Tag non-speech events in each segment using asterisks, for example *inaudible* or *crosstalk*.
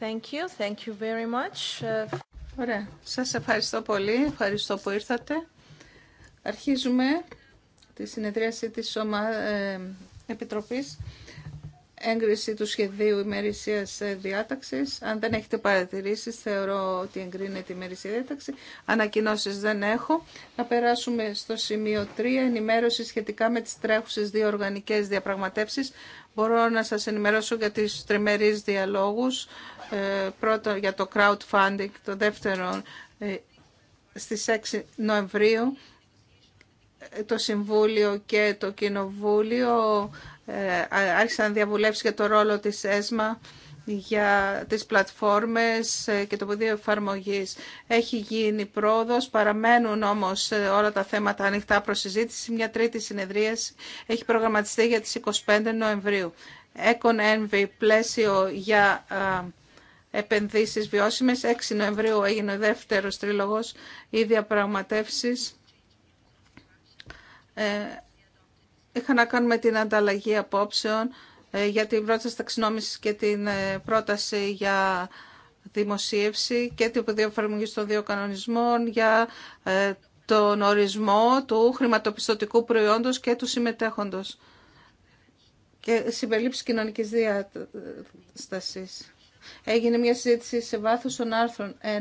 Thank you. Thank you very much. Uh, Ωραία. Σας ευχαριστώ πολύ. Ευχαριστώ που ήρθατε. Αρχίζουμε τη συνεδρίαση της Σώμα ε, Επιτροπής. Έγκριση του σχεδίου ημερησία ε, διάταξη. Αν δεν έχετε παρατηρήσει, θεωρώ ότι εγκρίνεται η ημερησία διάταξη. Ανακοινώσει δεν έχω. Να περάσουμε στο σημείο 3, ενημέρωση σχετικά με τις τρέχουσες δύο οργανικές διαπραγματεύσεις. Μπορώ να σας ενημερώσω για τις τριμερεί διαλόγους ε, πρώτο για το crowdfunding, το δεύτερο ε, στις 6 Νοεμβρίου ε, το Συμβούλιο και το Κοινοβούλιο άρχισαν διαβουλεύσει για το ρόλο της ΕΣΜΑ για τις πλατφόρμες και το πεδίο εφαρμογή. Έχει γίνει πρόοδος, παραμένουν όμως όλα τα θέματα ανοιχτά προς συζήτηση. Μια τρίτη συνεδρία έχει προγραμματιστεί για τις 25 Νοεμβρίου. Έκον Envy, πλαίσιο για επενδύσεις βιώσιμες. 6 Νοεμβρίου έγινε ο δεύτερος τρίλογος οι διαπραγματεύσει. Ε, να κάνουμε την ανταλλαγή απόψεων ε, για την πρόταση ταξινόμησης και την ε, πρόταση για δημοσίευση και την εφαρμογή των δύο κανονισμών για ε, τον ορισμό του χρηματοπιστωτικού προϊόντος και του συμμετέχοντος και συμπερίληψη κοινωνικής διάστασης. Έγινε μια συζήτηση σε βάθος των άρθρων 1 ε,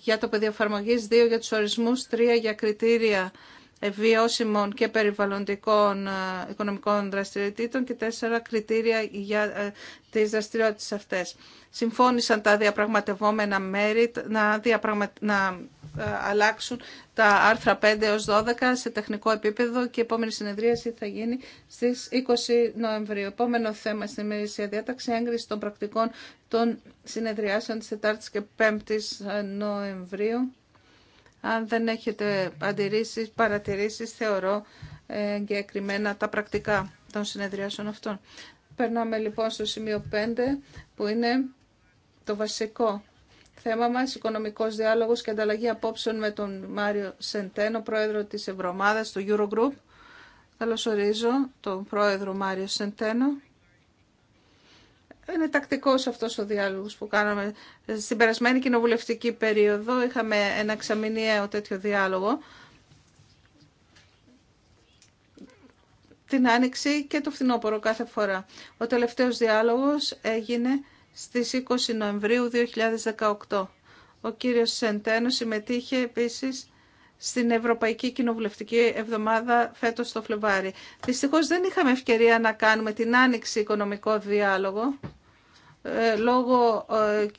για το πεδίο εφαρμογής, 2 για τους ορισμούς, 3 για κριτήρια βιώσιμων και περιβαλλοντικών ε, οικονομικών δραστηριοτήτων και τέσσερα κριτήρια για ε, τις δραστηριότητες αυτές. Συμφώνησαν τα διαπραγματευόμενα μέρη να, διαπραγμα... να ε, αλλάξουν τα άρθρα 5 έως 12 σε τεχνικό επίπεδο και η επόμενη συνεδρίαση θα γίνει στις 20 Νοεμβρίου. Επόμενο θέμα στην ημερήσια διάταξη έγκριση των πρακτικών των συνεδριάσεων της 4 και 5 Νοεμβρίου. Αν δεν έχετε αντιρρήσει, παρατηρήσεις, θεωρώ ε, εγκεκριμένα τα πρακτικά των συνεδριάσεων αυτών. Περνάμε λοιπόν στο σημείο 5, που είναι το βασικό θέμα μας, οικονομικός διάλογος και ανταλλαγή απόψεων με τον Μάριο Σεντένο, πρόεδρο της Ευρωμάδας του Eurogroup. Καλώς ορίζω τον πρόεδρο Μάριο Σεντένο. Είναι τακτικό αυτό ο διάλογο που κάναμε. Στην περασμένη κοινοβουλευτική περίοδο είχαμε ένα εξαμηνιαίο τέτοιο διάλογο. Την Άνοιξη και το φθινόπωρο κάθε φορά. Ο τελευταίο διάλογο έγινε στι 20 Νοεμβρίου 2018. Ο κύριο Σεντένο συμμετείχε επίση στην Ευρωπαϊκή Κοινοβουλευτική Εβδομάδα φέτος το Φλεβάρι. Δυστυχώς δεν είχαμε ευκαιρία να κάνουμε την άνοιξη οικονομικό διάλογο ε, λόγω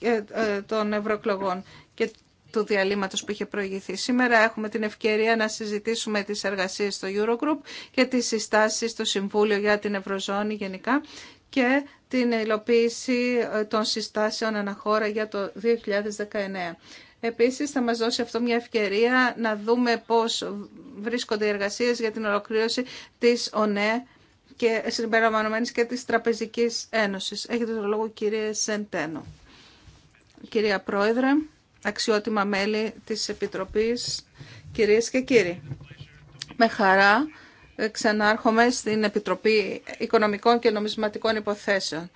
ε, ε, των ευρωεκλογών και του διαλύματος που είχε προηγηθεί. Σήμερα έχουμε την ευκαιρία να συζητήσουμε τις εργασίες στο Eurogroup και τις συστάσεις στο Συμβούλιο για την Ευρωζώνη γενικά και την υλοποίηση των συστάσεων αναχώρα για το 2019. Επίσης θα μας δώσει αυτό μια ευκαιρία να δούμε πώς βρίσκονται οι εργασίες για την ολοκλήρωση της ΟΝΕ και συμπεριλαμβανομένης και της Τραπεζικής Ένωσης. Έχετε το λόγο κύριε Σεντένο. Κυρία Πρόεδρε, αξιότιμα μέλη της Επιτροπής, κυρίες και κύριοι. Με χαρά ε, ξανάρχομαι στην Επιτροπή Οικονομικών και Νομισματικών Υποθέσεων.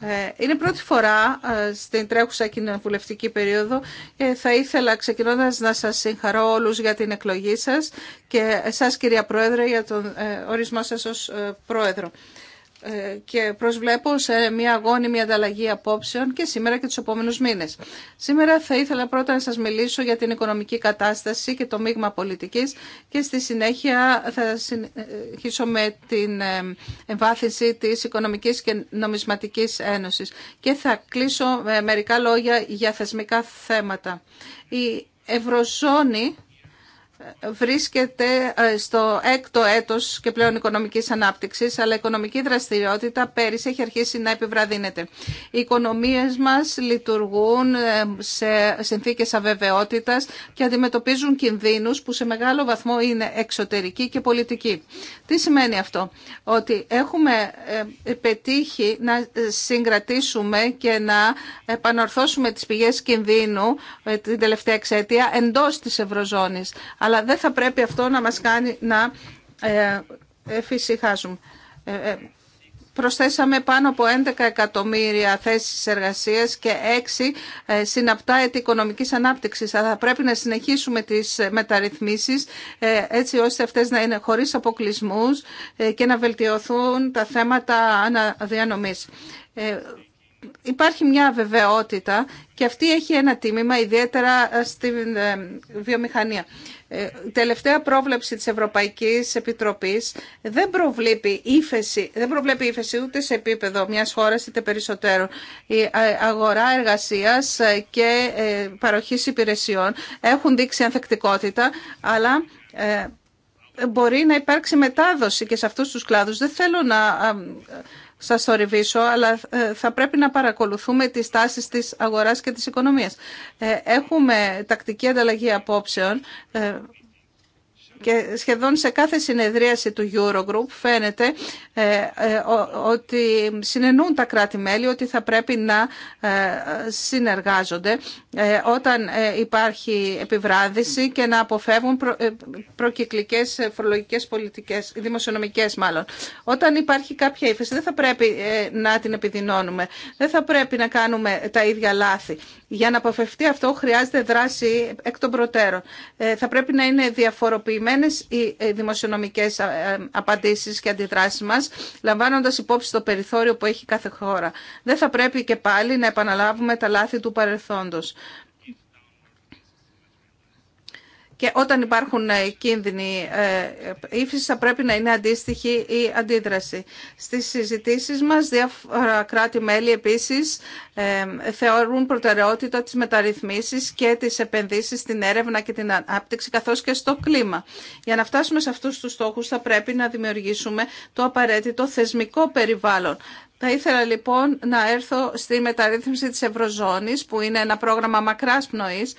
Ε, είναι πρώτη φορά ε, στην τρέχουσα κοινοβουλευτική περίοδο. και Θα ήθελα ξεκινώντας να σας συγχαρώ όλους για την εκλογή σας και εσάς κυρία Πρόεδρε για τον ε, ορισμό σας ως Πρόεδρο. Ε, και προσβλέπω σε μια αγώνιμη ανταλλαγή απόψεων και σήμερα και τους επόμενους μήνες. Σήμερα θα ήθελα πρώτα να σας μιλήσω για την οικονομική κατάσταση και το μείγμα πολιτικής και στη συνέχεια θα συνεχίσω με την ε, εμβάθυνση της Οικονομικής και Νομισματικής Ένωσης και θα κλείσω με μερικά λόγια για θεσμικά θέματα. Η Ευρωζώνη βρίσκεται ε, στο έκτο έτος και πλέον οικονομικής ανάπτυξης, αλλά η οικονομική δραστηριότητα πέρυσι έχει αρχίσει να επιβραδύνεται. Οι οικονομίες μας λειτουργούν ε, σε συνθήκες αβεβαιότητας και αντιμετωπίζουν κινδύνους που σε μεγάλο βαθμό είναι εξωτερικοί και πολιτικοί. Τι σημαίνει αυτό, ότι έχουμε ε, πετύχει να ε, συγκρατήσουμε και να επανορθώσουμε τις πηγές κινδύνου ε, την τελευταία εξαιτία εντός της Ευρωζώνης. Αλλά δεν θα πρέπει αυτό να μας κάνει να εφησυχάζουμε προσθέσαμε πάνω από 11 εκατομμύρια θέσεις εργασίας και 6 ε, συναπτά έτη οικονομικής ανάπτυξης. Θα πρέπει να συνεχίσουμε τις ε, μεταρρυθμίσεις ε, έτσι ώστε αυτές να είναι χωρίς αποκλεισμούς και να βελτιωθούν τα θέματα αναδιανομής υπάρχει μια βεβαιότητα και αυτή έχει ένα τίμημα ιδιαίτερα στην ε, βιομηχανία. Ε, τελευταία πρόβλεψη της Ευρωπαϊκής Επιτροπής δεν προβλέπει ύφεση, δεν προβλέπει ύφεση ούτε σε επίπεδο μιας χώρας είτε περισσότερο. Η ε, αγορά εργασίας και παροχής υπηρεσιών έχουν δείξει ανθεκτικότητα, αλλά μπορεί να υπάρξει μετάδοση και σε αυτούς τους κλάδους. Δεν θέλω να σας θορυβήσω, αλλά ε, θα πρέπει να παρακολουθούμε τις τάσει της αγοράς και της οικονομίας. Ε, έχουμε τακτική ανταλλαγή απόψεων ε, και σχεδόν σε κάθε συνεδρίαση του Eurogroup φαίνεται ε, ε, ότι συνενούν τα κράτη-μέλη ότι θα πρέπει να ε, συνεργάζονται όταν υπάρχει επιβράδυση και να αποφεύγουν προκυκλικές φορολογικές πολιτικές, δημοσιονομικές μάλλον. Όταν υπάρχει κάποια ύφεση δεν θα πρέπει να την επιδεινώνουμε, δεν θα πρέπει να κάνουμε τα ίδια λάθη. Για να αποφευθεί αυτό χρειάζεται δράση εκ των προτέρων. Θα πρέπει να είναι διαφοροποιημένη στοχευμένες οι ε, δημοσιονομικές ε, ε, απαντήσεις και αντιδράσεις μας, λαμβάνοντας υπόψη το περιθώριο που έχει κάθε χώρα. Δεν θα πρέπει και πάλι να επαναλάβουμε τα λάθη του παρελθόντος. Και όταν υπάρχουν ε, κίνδυνοι ε, ε, ύφηση θα πρέπει να είναι αντίστοιχη η αντίδραση. Στις συζητήσεις μας διάφορα κράτη-μέλη επίσης θεωρούν προτεραιότητα τις μεταρρυθμίσει και τις επενδύσεις στην έρευνα και την ανάπτυξη καθώς και στο κλίμα. Για να φτάσουμε σε αυτούς τους στόχους θα πρέπει να δημιουργήσουμε το απαραίτητο θεσμικό περιβάλλον θα ήθελα λοιπόν να έρθω στη μεταρρύθμιση της Ευρωζώνης που είναι ένα πρόγραμμα μακράς πνοής.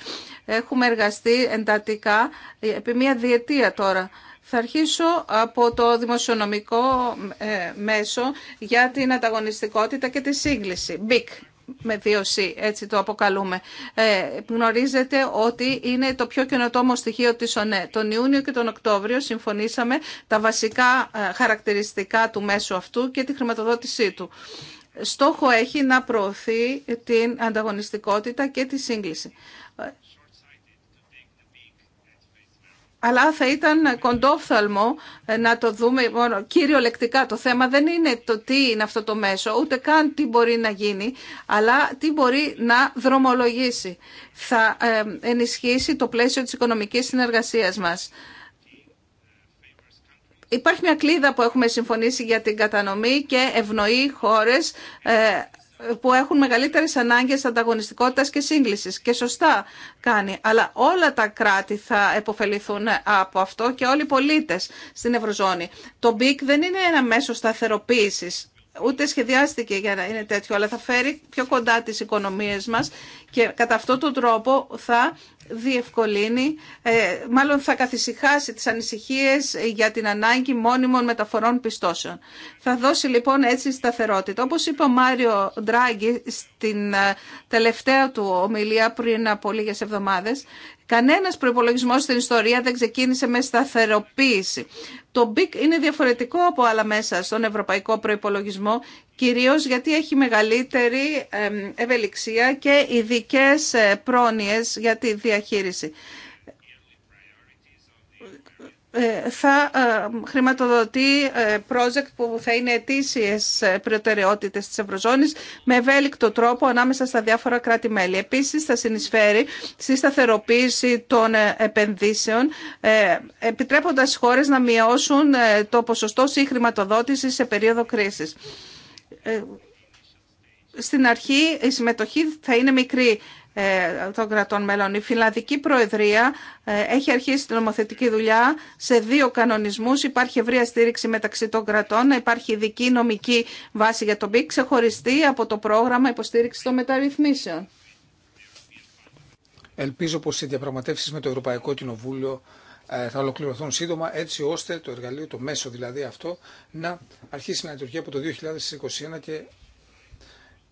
Έχουμε εργαστεί εντατικά επί μια διετία τώρα. Θα αρχίσω από το δημοσιονομικό ε, μέσο για την ανταγωνιστικότητα και τη σύγκληση, BIC με δίωση, έτσι το αποκαλούμε. Ε, γνωρίζετε ότι είναι το πιο καινοτόμο στοιχείο της ΟΝΕ. Τον Ιούνιο και τον Οκτώβριο συμφωνήσαμε τα βασικά ε, χαρακτηριστικά του μέσου αυτού και τη χρηματοδότησή του. Στόχο έχει να προωθεί την ανταγωνιστικότητα και τη σύγκληση. Αλλά θα ήταν κοντόφθαλμο ε, να το δούμε μόνο κυριολεκτικά. Το θέμα δεν είναι το τι είναι αυτό το μέσο, ούτε καν τι μπορεί να γίνει, αλλά τι μπορεί να δρομολογήσει. Θα ε, ενισχύσει το πλαίσιο της οικονομικής συνεργασίας μας. Υπάρχει μια κλίδα που έχουμε συμφωνήσει για την κατανομή και ευνοεί χώρες ε, που έχουν μεγαλύτερες ανάγκες ανταγωνιστικότητας και σύγκλησης και σωστά κάνει. Αλλά όλα τα κράτη θα επωφεληθούν από αυτό και όλοι οι πολίτες στην Ευρωζώνη. Το BIC δεν είναι ένα μέσο σταθεροποίησης ούτε σχεδιάστηκε για να είναι τέτοιο, αλλά θα φέρει πιο κοντά τις οικονομίες μας και κατά αυτόν τον τρόπο θα διευκολύνει, ε, μάλλον θα καθησυχάσει τις ανησυχίες για την ανάγκη μόνιμων μεταφορών πιστώσεων. Θα δώσει λοιπόν έτσι σταθερότητα. Όπως είπε ο Μάριο Ντράγκη στην ε, τελευταία του ομιλία πριν από λίγες εβδομάδες, Κανένας προϋπολογισμός στην ιστορία δεν ξεκίνησε με σταθεροποίηση. Το BIC είναι διαφορετικό από άλλα μέσα στον ευρωπαϊκό προϋπολογισμό, κυρίως γιατί έχει μεγαλύτερη ευελιξία και ειδικέ ε, πρόνοιες για τη διαχείριση. Ε, θα ε, χρηματοδοτεί ε, project που θα είναι ετήσιες προτεραιότητε τη Ευρωζώνης με ευέλικτο τρόπο ανάμεσα στα διάφορα κράτη-μέλη. Επίση θα συνεισφέρει στη σταθεροποίηση των επενδύσεων επιτρέποντας χώρες να μειώσουν το ποσοστό χρηματοδοτηση σε περίοδο κρίσης. Στην αρχή η συμμετοχή θα είναι μικρή ε, των κρατών μελών. Η Φιλανδική Προεδρία ε, έχει αρχίσει την νομοθετική δουλειά σε δύο κανονισμού. Υπάρχει ευρεία στήριξη μεταξύ των κρατών, υπάρχει ειδική νομική βάση για τον ΠΙΚ, ξεχωριστή από το πρόγραμμα υποστήριξη των μεταρρυθμίσεων. Ελπίζω πω οι διαπραγματεύσει με το Ευρωπαϊκό Κοινοβούλιο ε, θα ολοκληρωθούν σύντομα έτσι ώστε το εργαλείο, το μέσο δηλαδή αυτό, να αρχίσει να λειτουργεί από το 2021 και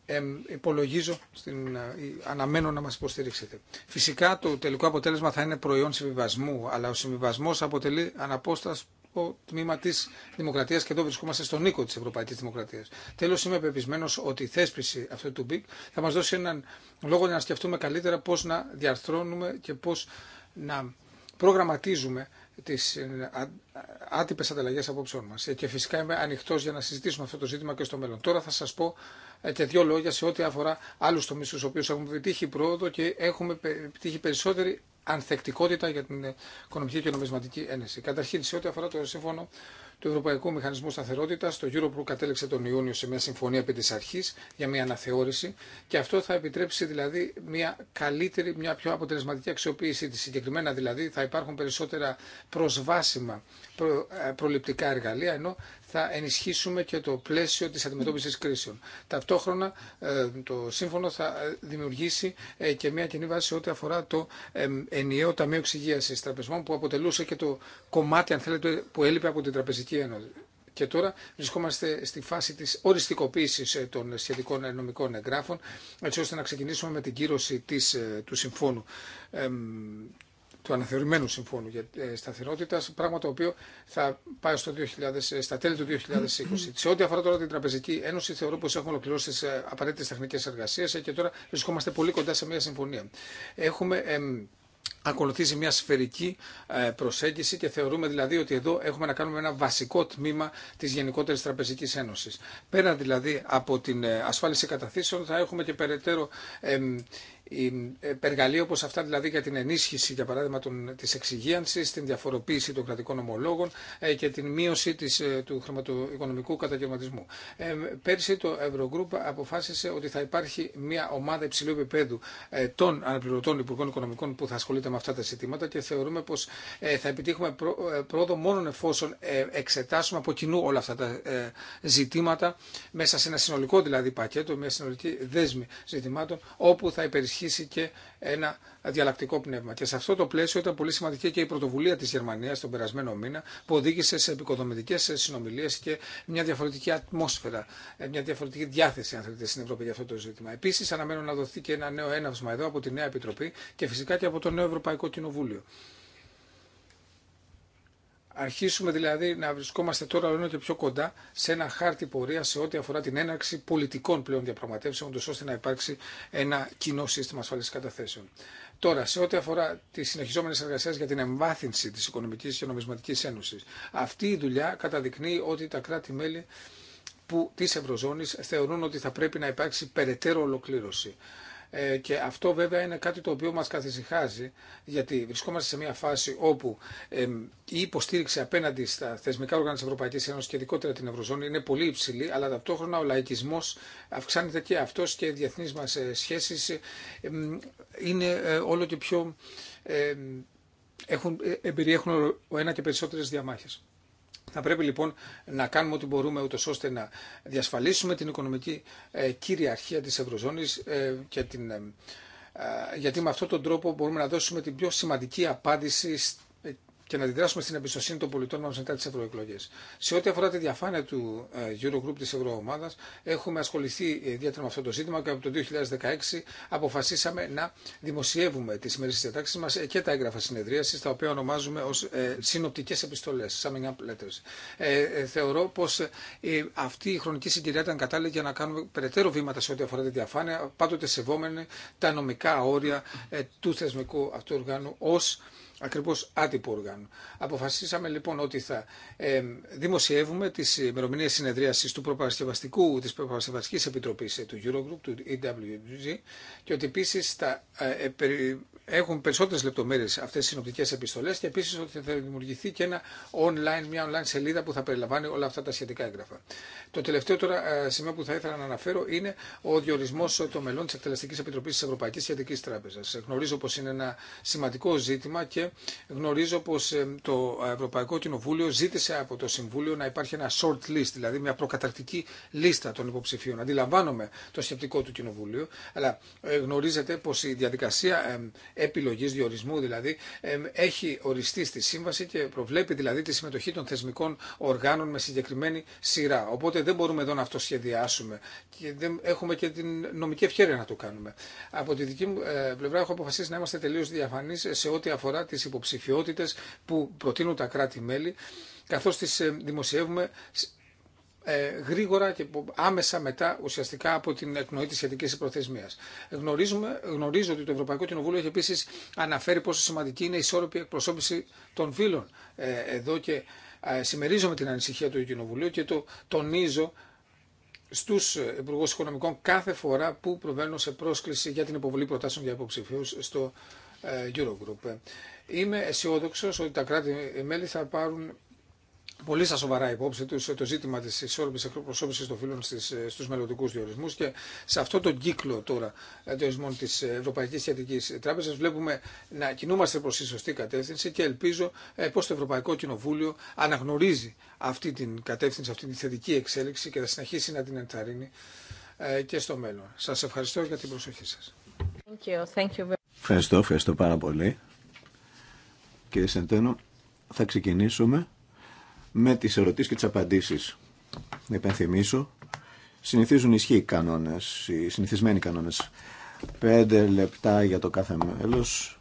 ε, υπολογίζω, στην, ε, αναμένω να μας υποστηρίξετε. Φυσικά το τελικό αποτέλεσμα θα είναι προϊόν συμβιβασμού, αλλά ο συμβιβασμός αποτελεί αναπόσταση το τμήμα τη Δημοκρατία και εδώ βρισκόμαστε στον οίκο τη Ευρωπαϊκή Δημοκρατία. Τέλο, είμαι πεπισμένο ότι η θέσπιση αυτού του BIC θα μα δώσει έναν λόγο για να σκεφτούμε καλύτερα πώ να διαρθρώνουμε και πώ να προγραμματίζουμε τι ε, άτυπε ανταλλαγέ απόψεών μα. Ε, και φυσικά είμαι ανοιχτό για να συζητήσουμε αυτό το ζήτημα και στο μέλλον. Τώρα θα σας πω ε, και δύο λόγια σε ό,τι αφορά άλλου τομείς στους οποίους έχουμε επιτύχει πρόοδο και έχουμε επιτύχει περισσότερη ανθεκτικότητα για την Οικονομική και Νομισματική Ένωση. Καταρχήν, σε ό,τι αφορά το Σύμφωνο του Ευρωπαϊκού Μηχανισμού Σταθερότητα. Το Europro κατέληξε τον Ιούνιο σε μια συμφωνία επί τη αρχή για μια αναθεώρηση και αυτό θα επιτρέψει δηλαδή μια καλύτερη, μια πιο αποτελεσματική αξιοποίησή τη. Συγκεκριμένα δηλαδή θα υπάρχουν περισσότερα προσβάσιμα ε, προληπτικά εργαλεία ενώ θα ενισχύσουμε και το πλαίσιο της αντιμετώπισης κρίσεων. Ταυτόχρονα ε, το σύμφωνο θα ε, δημιουργήσει ε, και μια κοινή βάση ό,τι αφορά το ενιαίο Ταμείο Εξυγίασης Τραπεζών που αποτελούσε και το κομμάτι αν θέλετε, που έλειπε από την Τραπεζική Ένωση. Και τώρα βρισκόμαστε στη φάση της οριστικοποίησης των σχετικών νομικών εγγράφων, έτσι ώστε να ξεκινήσουμε με την κύρωση της, του συμφώνου του αναθεωρημένου συμφώνου για ε, σταθερότητα, πράγμα το οποίο θα πάει στο 2000, ε, στα τέλη του 2020. Σε ό,τι αφορά τώρα την Τραπεζική Ένωση, θεωρώ πω έχουμε ολοκληρώσει τι ε, απαραίτητε τεχνικέ εργασίε και τώρα βρισκόμαστε πολύ κοντά σε μια συμφωνία. Έχουμε ακολουθήσει μια σφαιρική προσέγγιση και θεωρούμε δηλαδή ότι εδώ έχουμε να κάνουμε ένα βασικό τμήμα της γενικότερης τραπεζικής ένωσης. Πέρα δηλαδή από την ασφάλιση καταθήσεων θα έχουμε και περαιτέρω ε, περγαλή όπως αυτά δηλαδή για την ενίσχυση για παράδειγμα των, της την διαφοροποίηση των κρατικών ομολόγων ε, και την μείωση της, ε, του χρηματοοικονομικού καταγερματισμού. πέρσι το Eurogroup αποφάσισε ότι θα υπάρχει μια ομάδα υψηλού επίπεδου των αναπληρωτών υπουργών οικονομικών που θα ασχολείται με αυτά τα ζητήματα και θεωρούμε πως θα επιτύχουμε πρόοδο μόνο εφόσον εξετάσουμε από κοινού όλα αυτά τα ζητήματα μέσα σε ένα συνολικό δηλαδή πακέτο, μια συνολική δέσμη ζητημάτων όπου θα υπερισχύει ενισχύσει και ένα διαλλακτικό πνεύμα. Και σε αυτό το πλαίσιο ήταν πολύ σημαντική και η πρωτοβουλία τη Γερμανία τον περασμένο μήνα που οδήγησε σε επικοδομητικέ συνομιλίε και μια διαφορετική ατμόσφαιρα, ε, μια διαφορετική διάθεση, αν θέλετε, στην Ευρώπη για αυτό το ζήτημα. Επίση, αναμένω να δοθεί και ένα νέο έναυσμα εδώ από τη Νέα Επιτροπή και φυσικά και από το νέο Ευρωπαϊκό Κοινοβούλιο αρχίσουμε δηλαδή να βρισκόμαστε τώρα όλο και πιο κοντά σε ένα χάρτη πορεία σε ό,τι αφορά την έναρξη πολιτικών πλέον διαπραγματεύσεων, ώστε να υπάρξει ένα κοινό σύστημα ασφαλή καταθέσεων. Τώρα, σε ό,τι αφορά τι συνεχιζόμενε εργασίε για την εμβάθυνση τη Οικονομική και Νομισματική Ένωση, αυτή η δουλειά καταδεικνύει ότι τα κράτη-μέλη τη Ευρωζώνη θεωρούν ότι θα πρέπει να υπάρξει περαιτέρω ολοκλήρωση. Ε, και αυτό βέβαια είναι κάτι το οποίο μας καθησυχάζει γιατί βρισκόμαστε σε μια φάση όπου η υποστήριξη απέναντι στα θεσμικά όργανα της Ευρωπαϊκής Ένωσης και ειδικότερα την Ευρωζώνη είναι πολύ υψηλή αλλά ταυτόχρονα ο λαϊκισμός αυξάνεται και αυτός και οι διεθνείς μας ε, σχέσεις είναι ε, όλο και πιο έχουν, περιέχουν ένα και περισσότερες διαμάχες. Θα πρέπει λοιπόν να κάνουμε ό,τι μπορούμε ούτως ώστε να διασφαλίσουμε την οικονομική ε, κυριαρχία της Ευρωζώνης ε, και την ε, γιατί με αυτόν τον τρόπο μπορούμε να δώσουμε την πιο σημαντική απάντηση και να αντιδράσουμε στην εμπιστοσύνη των πολιτών μα μετά τι ευρωεκλογέ. Σε ό,τι αφορά τη διαφάνεια του ε, Eurogroup τη Ευρωομάδα, έχουμε ασχοληθεί ε, ιδιαίτερα με αυτό το ζήτημα και από το 2016 αποφασίσαμε να δημοσιεύουμε τι ημερήσει διατάξει μα ε, και τα έγγραφα συνεδρίαση, τα οποία ονομάζουμε ω συνοπτικέ επιστολέ, summing up letters. θεωρώ πω αυτή η χρονική συγκυρία ήταν κατάλληλη για να κάνουμε περαιτέρω βήματα σε ό,τι αφορά τη διαφάνεια, πάντοτε σεβόμενοι τα νομικά όρια του θεσμικού αυτού οργάνου ω ακριβώς άτυπο όργανο. Αποφασίσαμε λοιπόν ότι θα δημοσιεύουμε τις ημερομηνίες συνεδρίασης του προπαρασκευαστικού, της προπαρασκευαστικής επιτροπής ε, του Eurogroup, του EWG και ότι επίση θα ε, ε, έχουν περισσότερες λεπτομέρειες αυτές οι συνοπτικές επιστολές και επίσης ότι θα δημιουργηθεί και ένα online, μια online σελίδα που θα περιλαμβάνει όλα αυτά τα σχετικά έγγραφα. Το τελευταίο τώρα σημείο που θα ήθελα να αναφέρω είναι ο διορισμός των μελών της Εκτελεστικής Επιτροπής της Ευρωπαϊκής Σχετικής Τράπεζας. Γνωρίζω πως είναι ένα σημαντικό ζήτημα και γνωρίζω πως ε, το Ευρωπαϊκό Κοινοβούλιο ζήτησε από το Συμβούλιο να υπάρχει ένα short list, δηλαδή μια προκαταρκτική λίστα των υποψηφίων. Αντιλαμβάνομαι το σκεπτικό του Κοινοβουλίου, αλλά ε, γνωρίζετε πως η διαδικασία ε, επιλογής διορισμού δηλαδή έχει οριστεί στη Σύμβαση και προβλέπει δηλαδή τη συμμετοχή των θεσμικών οργάνων με συγκεκριμένη σειρά. Οπότε δεν μπορούμε εδώ να αυτοσχεδιάσουμε και δεν έχουμε και την νομική ευχαίρεια να το κάνουμε. Από τη δική μου πλευρά έχω αποφασίσει να είμαστε τελείως διαφανείς σε ό,τι αφορά τις υποψηφιότητες που προτείνουν τα κράτη-μέλη, καθώς τις ε, δημοσιεύουμε ε, γρήγορα και άμεσα μετά ουσιαστικά από την εκνοή τη σχετική προθεσμία. Γνωρίζω ότι το Ευρωπαϊκό Κοινοβούλιο έχει επίσης αναφέρει πόσο σημαντική είναι η ισόρροπη εκπροσώπηση των φύλων. Ε, εδώ και συμμερίζομαι την ανησυχία του Κοινοβουλίου και το τονίζω στου Υπουργού Οικονομικών κάθε φορά που προβαίνουν σε πρόσκληση για την υποβολή προτάσεων για υποψηφίου στο Eurogroup. Είμαι αισιόδοξο ότι τα κράτη-μέλη θα πάρουν πολύ στα σοβαρά υπόψη του το ζήτημα τη ισόρροπη εκπροσώπηση των φίλων στου μελλοντικού διορισμού και σε αυτό τον κύκλο τώρα διορισμών τη Ευρωπαϊκή Σχετική Τράπεζα βλέπουμε να κινούμαστε προ τη σωστή κατεύθυνση και ελπίζω ε, πω το Ευρωπαϊκό Κοινοβούλιο αναγνωρίζει αυτή την κατεύθυνση, αυτή τη θετική εξέλιξη και θα συνεχίσει να την ενθαρρύνει ε, και στο μέλλον. Σα ευχαριστώ για την προσοχή σα. Ευχαριστώ, ευχαριστώ πάρα πολύ κύριε Σεντένο. Θα ξεκινήσουμε με τις ερωτήσεις και τις απαντήσεις. Να υπενθυμίσω, συνηθίζουν ισχύ οι κανόνες, οι συνηθισμένοι κανόνες. Πέντε λεπτά για το κάθε μέλος.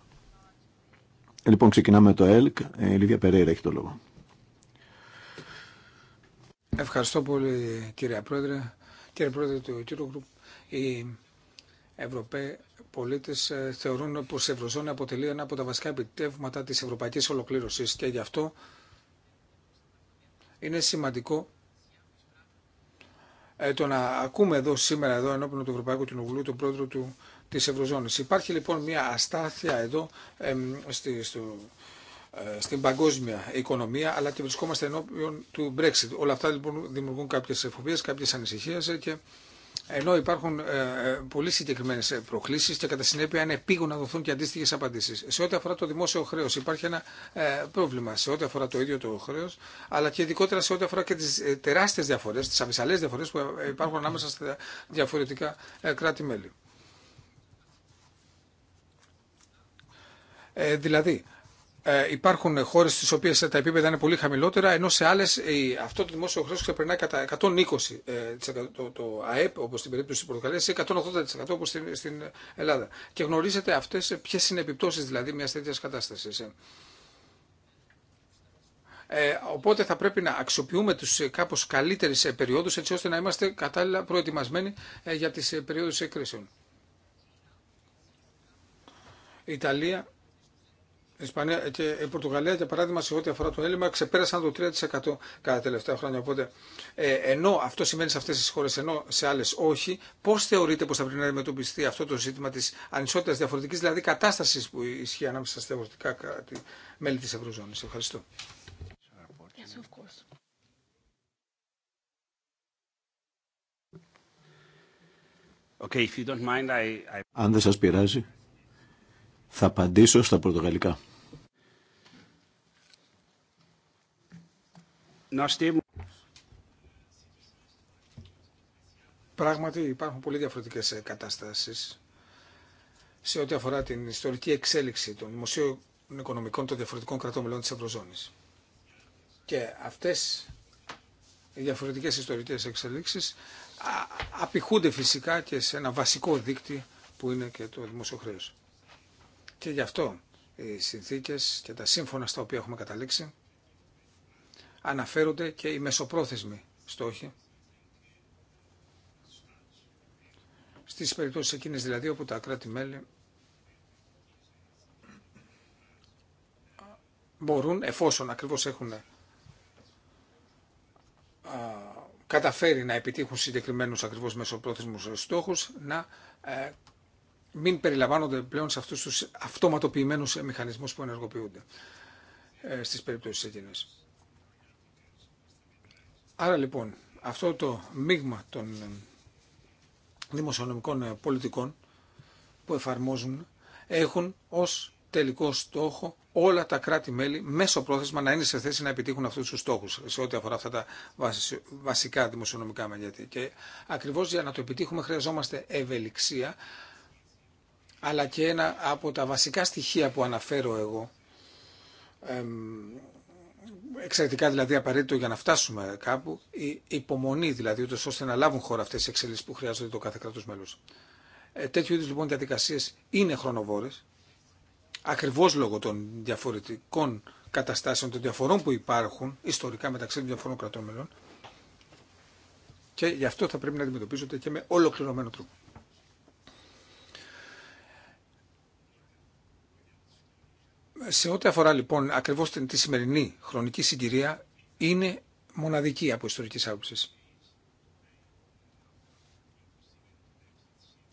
Λοιπόν, ξεκινάμε το ΕΛΚ. Ε, η Λίβια Περέιρα έχει το λόγο. Ευχαριστώ πολύ κύριε Πρόεδρε. Κύριε Πρόεδρε του Γκρουπ, Ευρωπαίοι πολίτε ε, θεωρούν πω η Ευρωζώνη αποτελεί ένα από τα βασικά επιτεύγματα τη ευρωπαϊκή ολοκλήρωση και γι' αυτό είναι σημαντικό ε, το να ακούμε εδώ σήμερα εδώ ενώπιον του Ευρωπαϊκού Κοινοβουλίου τον πρόεδρο του, της Ευρωζώνης. Υπάρχει λοιπόν μια αστάθεια εδώ στη, ε, στην παγκόσμια οικονομία αλλά και βρισκόμαστε ενώπιον του Brexit. Όλα αυτά λοιπόν δημιουργούν κάποιες φοβίες, κάποιες ανησυχίες και ενώ υπάρχουν ε, ε, πολύ συγκεκριμένε ε, προκλήσει και κατά συνέπεια είναι επίγον να δοθούν και αντίστοιχε απαντήσει. Σε ό,τι αφορά το δημόσιο χρέο, υπάρχει ένα πρόβλημα σε ό,τι αφορά το ίδιο το χρέο, αλλά και ειδικότερα σε ό,τι αφορά και τι ε, τεράστιε διαφορέ, τι αμυσαλέ διαφορέ που υπάρχουν ανάμεσα στα διαφορετικά κράτη-μέλη. δηλαδή, ε, υπάρχουν χώρε στι οποίε τα επίπεδα είναι πολύ χαμηλότερα, ενώ σε άλλε αυτό το δημόσιο χρέο ξεπερνάει κατά 120% ε, το ΑΕΠ, όπω στην περίπτωση τη Πορτογαλία, ή 180% όπω στην Ελλάδα. Και γνωρίζετε αυτέ ποιε είναι επιπτώσει δηλαδή μια τέτοια κατάσταση. Ε, ε, οπότε θα πρέπει να αξιοποιούμε τους κάπω καλύτερε περιόδου έτσι ώστε να είμαστε κατάλληλα προετοιμασμένοι για τι περιόδου εκκρίσεων. Ιταλία Ισπανία και η Πορτογαλία, για παράδειγμα, σε ό,τι αφορά το έλλειμμα, ξεπέρασαν το 3% κατά τελευταία χρόνια. Οπότε, ε, ενώ αυτό σημαίνει σε αυτέ τι χώρε, ενώ σε άλλε όχι, πώ θεωρείτε πω θα πρέπει να αντιμετωπιστεί αυτό το ζήτημα τη ανισότητα διαφορετική, δηλαδή κατάσταση που ισχύει ανάμεσα στα διαφορετικά μέλη τη Ευρωζώνη. Ευχαριστώ. Yes, of Okay, if you don't mind, I... Αν δεν σας πειράζει, θα απαντήσω στα πορτογαλικά. Πράγματι υπάρχουν πολύ διαφορετικές ε, καταστάσεις σε ό,τι αφορά την ιστορική εξέλιξη των δημοσίων οικονομικών των διαφορετικών κρατών μελών της Ευρωζώνης. Και αυτές οι διαφορετικές ιστορικές εξελίξεις απηχούνται φυσικά και σε ένα βασικό δίκτυο που είναι και το δημοσιοχρέο. Και γι' αυτό οι συνθήκες και τα σύμφωνα στα οποία έχουμε καταλήξει αναφέρονται και οι μεσοπρόθεσμοι στόχοι στις περιπτώσεις εκείνες δηλαδή όπου τα κράτη-μέλη μπορούν εφόσον ακριβώς έχουν καταφέρει να επιτύχουν συγκεκριμένους ακριβώς μεσοπρόθεσμους στόχους να ε, μην περιλαμβάνονται πλέον σε αυτούς τους αυτοματοποιημένους μηχανισμούς που ενεργοποιούνται ε, στις περιπτώσεις εκείνες. Άρα λοιπόν αυτό το μείγμα των ε, δημοσιονομικών ε, πολιτικών που εφαρμόζουν έχουν ως τελικό στόχο όλα τα κράτη-μέλη μέσω πρόθεσμα να είναι σε θέση να επιτύχουν αυτούς τους στόχους σε ό,τι αφορά αυτά τα βασικά δημοσιονομικά μεγέθη. Και ακριβώς για να το επιτύχουμε χρειαζόμαστε ευελιξία αλλά και ένα από τα βασικά στοιχεία που αναφέρω εγώ, εξαιρετικά δηλαδή απαραίτητο για να φτάσουμε κάπου, η υπομονή δηλαδή, ούτως ώστε να λάβουν χώρα αυτές οι εξελίξεις που χρειάζονται το κάθε κράτος μέλος. Ε, τέτοιου είδους λοιπόν διαδικασίες είναι χρονοβόρες, ακριβώς λόγω των διαφορετικών καταστάσεων, των διαφορών που υπάρχουν ιστορικά μεταξύ των διαφορών κρατών μελών και γι' αυτό θα πρέπει να αντιμετωπίζονται και με ολοκληρωμένο τρόπο. Σε ό,τι αφορά λοιπόν ακριβώς τη σημερινή χρονική συγκυρία είναι μοναδική από ιστορική άποψη.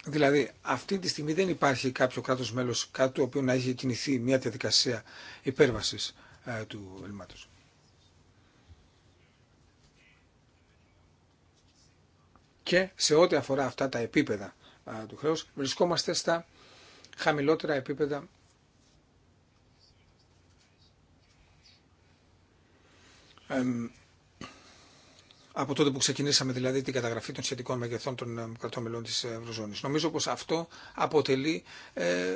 Δηλαδή, αυτή τη στιγμή δεν υπάρχει κάποιο κράτος μέλος κάτω του οποίου να έχει κινηθεί μια διαδικασία υπέρβασης ε, του ελμάτους. Και σε ό,τι αφορά αυτά τα επίπεδα ε, του χρέους, βρισκόμαστε στα χαμηλότερα επίπεδα από τότε που ξεκινήσαμε δηλαδή την καταγραφή των σχετικών μεγεθών των κρατών μελών της ε, Ευρωζώνης. Νομίζω πως αυτό αποτελεί ε,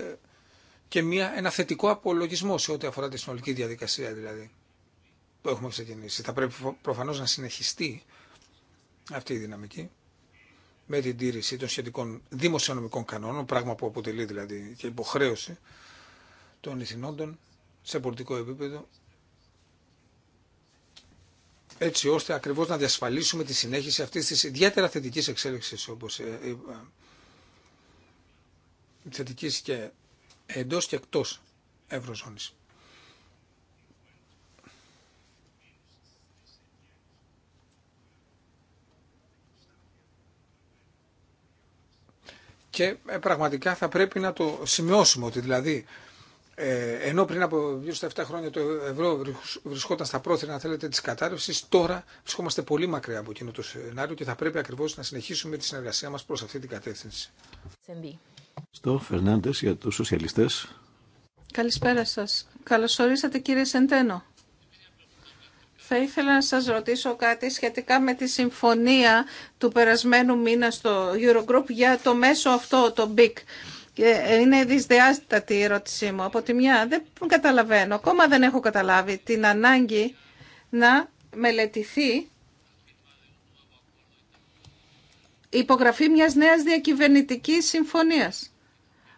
και μια, ένα θετικό απολογισμό σε ό,τι αφορά τη συνολική διαδικασία δηλαδή που έχουμε ξεκινήσει. Θα πρέπει προφανώς να συνεχιστεί αυτή η δυναμική με την τήρηση των σχετικών δημοσιονομικών κανόνων, πράγμα που αποτελεί δηλαδή και υποχρέωση των ηθινόντων σε πολιτικό επίπεδο έτσι ώστε ακριβώς να διασφαλίσουμε τη συνέχιση αυτής της ιδιαίτερα θετικής εξέλιξης όπως είπα, ε, ε, και εντός και εκτός Ευρωζώνης. Και ε, πραγματικά θα πρέπει να το σημειώσουμε ότι δηλαδή ε, ενώ πριν από 2-7 χρόνια το ευρώ βρισκόταν στα πρόθυρα, αν θέλετε, τη κατάρρευση, τώρα βρισκόμαστε πολύ μακριά από εκείνο το σενάριο και θα πρέπει ακριβώ να συνεχίσουμε τη συνεργασία μα προ αυτή την κατεύθυνση. Στο Φερνάντε για του σοσιαλιστέ. Καλησπέρα σα. Καλώ ορίσατε, κύριε Σεντένο. Θα ήθελα να σας ρωτήσω κάτι σχετικά με τη συμφωνία του περασμένου μήνα στο Eurogroup για το μέσο αυτό, το BIC. Ε, είναι δυσδιάστατη η ερώτησή μου. Από τη μια δεν καταλαβαίνω, ακόμα δεν έχω καταλάβει την ανάγκη να μελετηθεί η υπογραφή μιας νέας διακυβερνητικής συμφωνίας.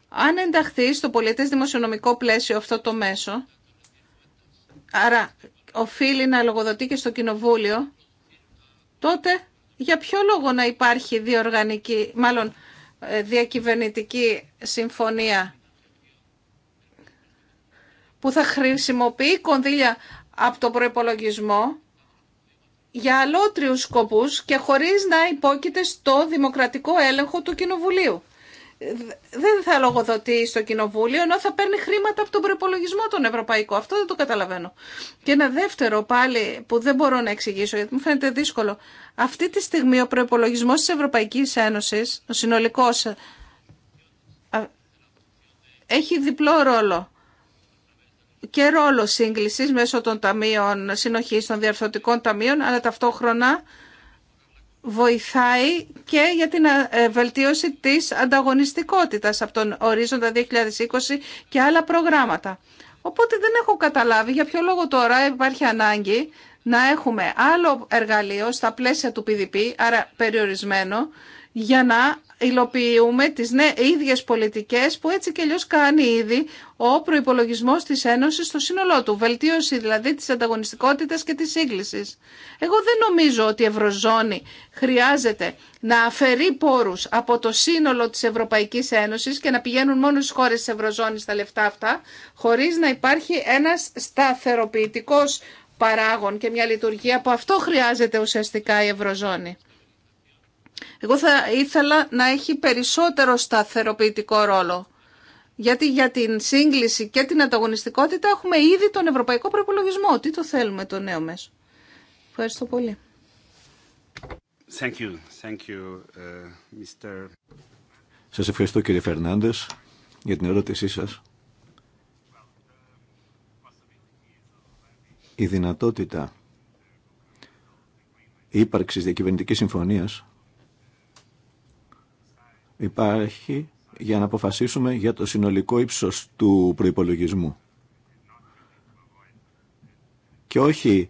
Αν ενταχθεί στο πολιτές δημοσιονομικό πλαίσιο αυτό το μέσο, άρα οφείλει να λογοδοτεί και στο κοινοβούλιο, τότε για ποιο λόγο να υπάρχει διοργανική, μάλλον ε, διακυβερνητική συμφωνία που θα χρησιμοποιεί κονδύλια από το προϋπολογισμό για αλότριους σκοπούς και χωρίς να υπόκειται στο δημοκρατικό έλεγχο του Κοινοβουλίου δεν θα λογοδοτεί στο κοινοβούλιο, ενώ θα παίρνει χρήματα από τον προπολογισμό τον ευρωπαϊκό. Αυτό δεν το καταλαβαίνω. Και ένα δεύτερο πάλι που δεν μπορώ να εξηγήσω, γιατί μου φαίνεται δύσκολο. Αυτή τη στιγμή ο προπολογισμό τη Ευρωπαϊκή Ένωση, ο συνολικό, έχει διπλό ρόλο. Και ρόλο σύγκληση μέσω των ταμείων συνοχή, των διαρθωτικών ταμείων, αλλά ταυτόχρονα βοηθάει και για την ε, βελτίωση της ανταγωνιστικότητας από τον ορίζοντα 2020 και άλλα προγράμματα. Οπότε δεν έχω καταλάβει για ποιο λόγο τώρα υπάρχει ανάγκη να έχουμε άλλο εργαλείο στα πλαίσια του PDP, άρα περιορισμένο, για να υλοποιούμε τις ναι, ίδιες πολιτικές που έτσι και αλλιώς κάνει ήδη ο προϋπολογισμός της Ένωσης στο σύνολό του. Βελτίωση δηλαδή της ανταγωνιστικότητας και της σύγκλησης. Εγώ δεν νομίζω ότι η Ευρωζώνη χρειάζεται να αφαιρεί πόρους από το σύνολο της Ευρωπαϊκής Ένωσης και να πηγαίνουν μόνο στις χώρες της Ευρωζώνης τα λεφτά αυτά, χωρίς να υπάρχει ένας σταθεροποιητικός παράγων και μια λειτουργία που αυτό χρειάζεται ουσιαστικά η Ευρωζώνη. Εγώ θα ήθελα να έχει περισσότερο σταθεροποιητικό ρόλο. Γιατί για την σύγκληση και την ανταγωνιστικότητα έχουμε ήδη τον ευρωπαϊκό προπολογισμό. Τι το θέλουμε το νέο μέσο. Ευχαριστώ πολύ. Thank Thank you, uh, Mr. Σας ευχαριστώ κύριε Φερνάντες για την ερώτησή σας. Η δυνατότητα ύπαρξης διακυβερνητικής συμφωνίας υπάρχει για να αποφασίσουμε για το συνολικό ύψος του προϋπολογισμού. Και όχι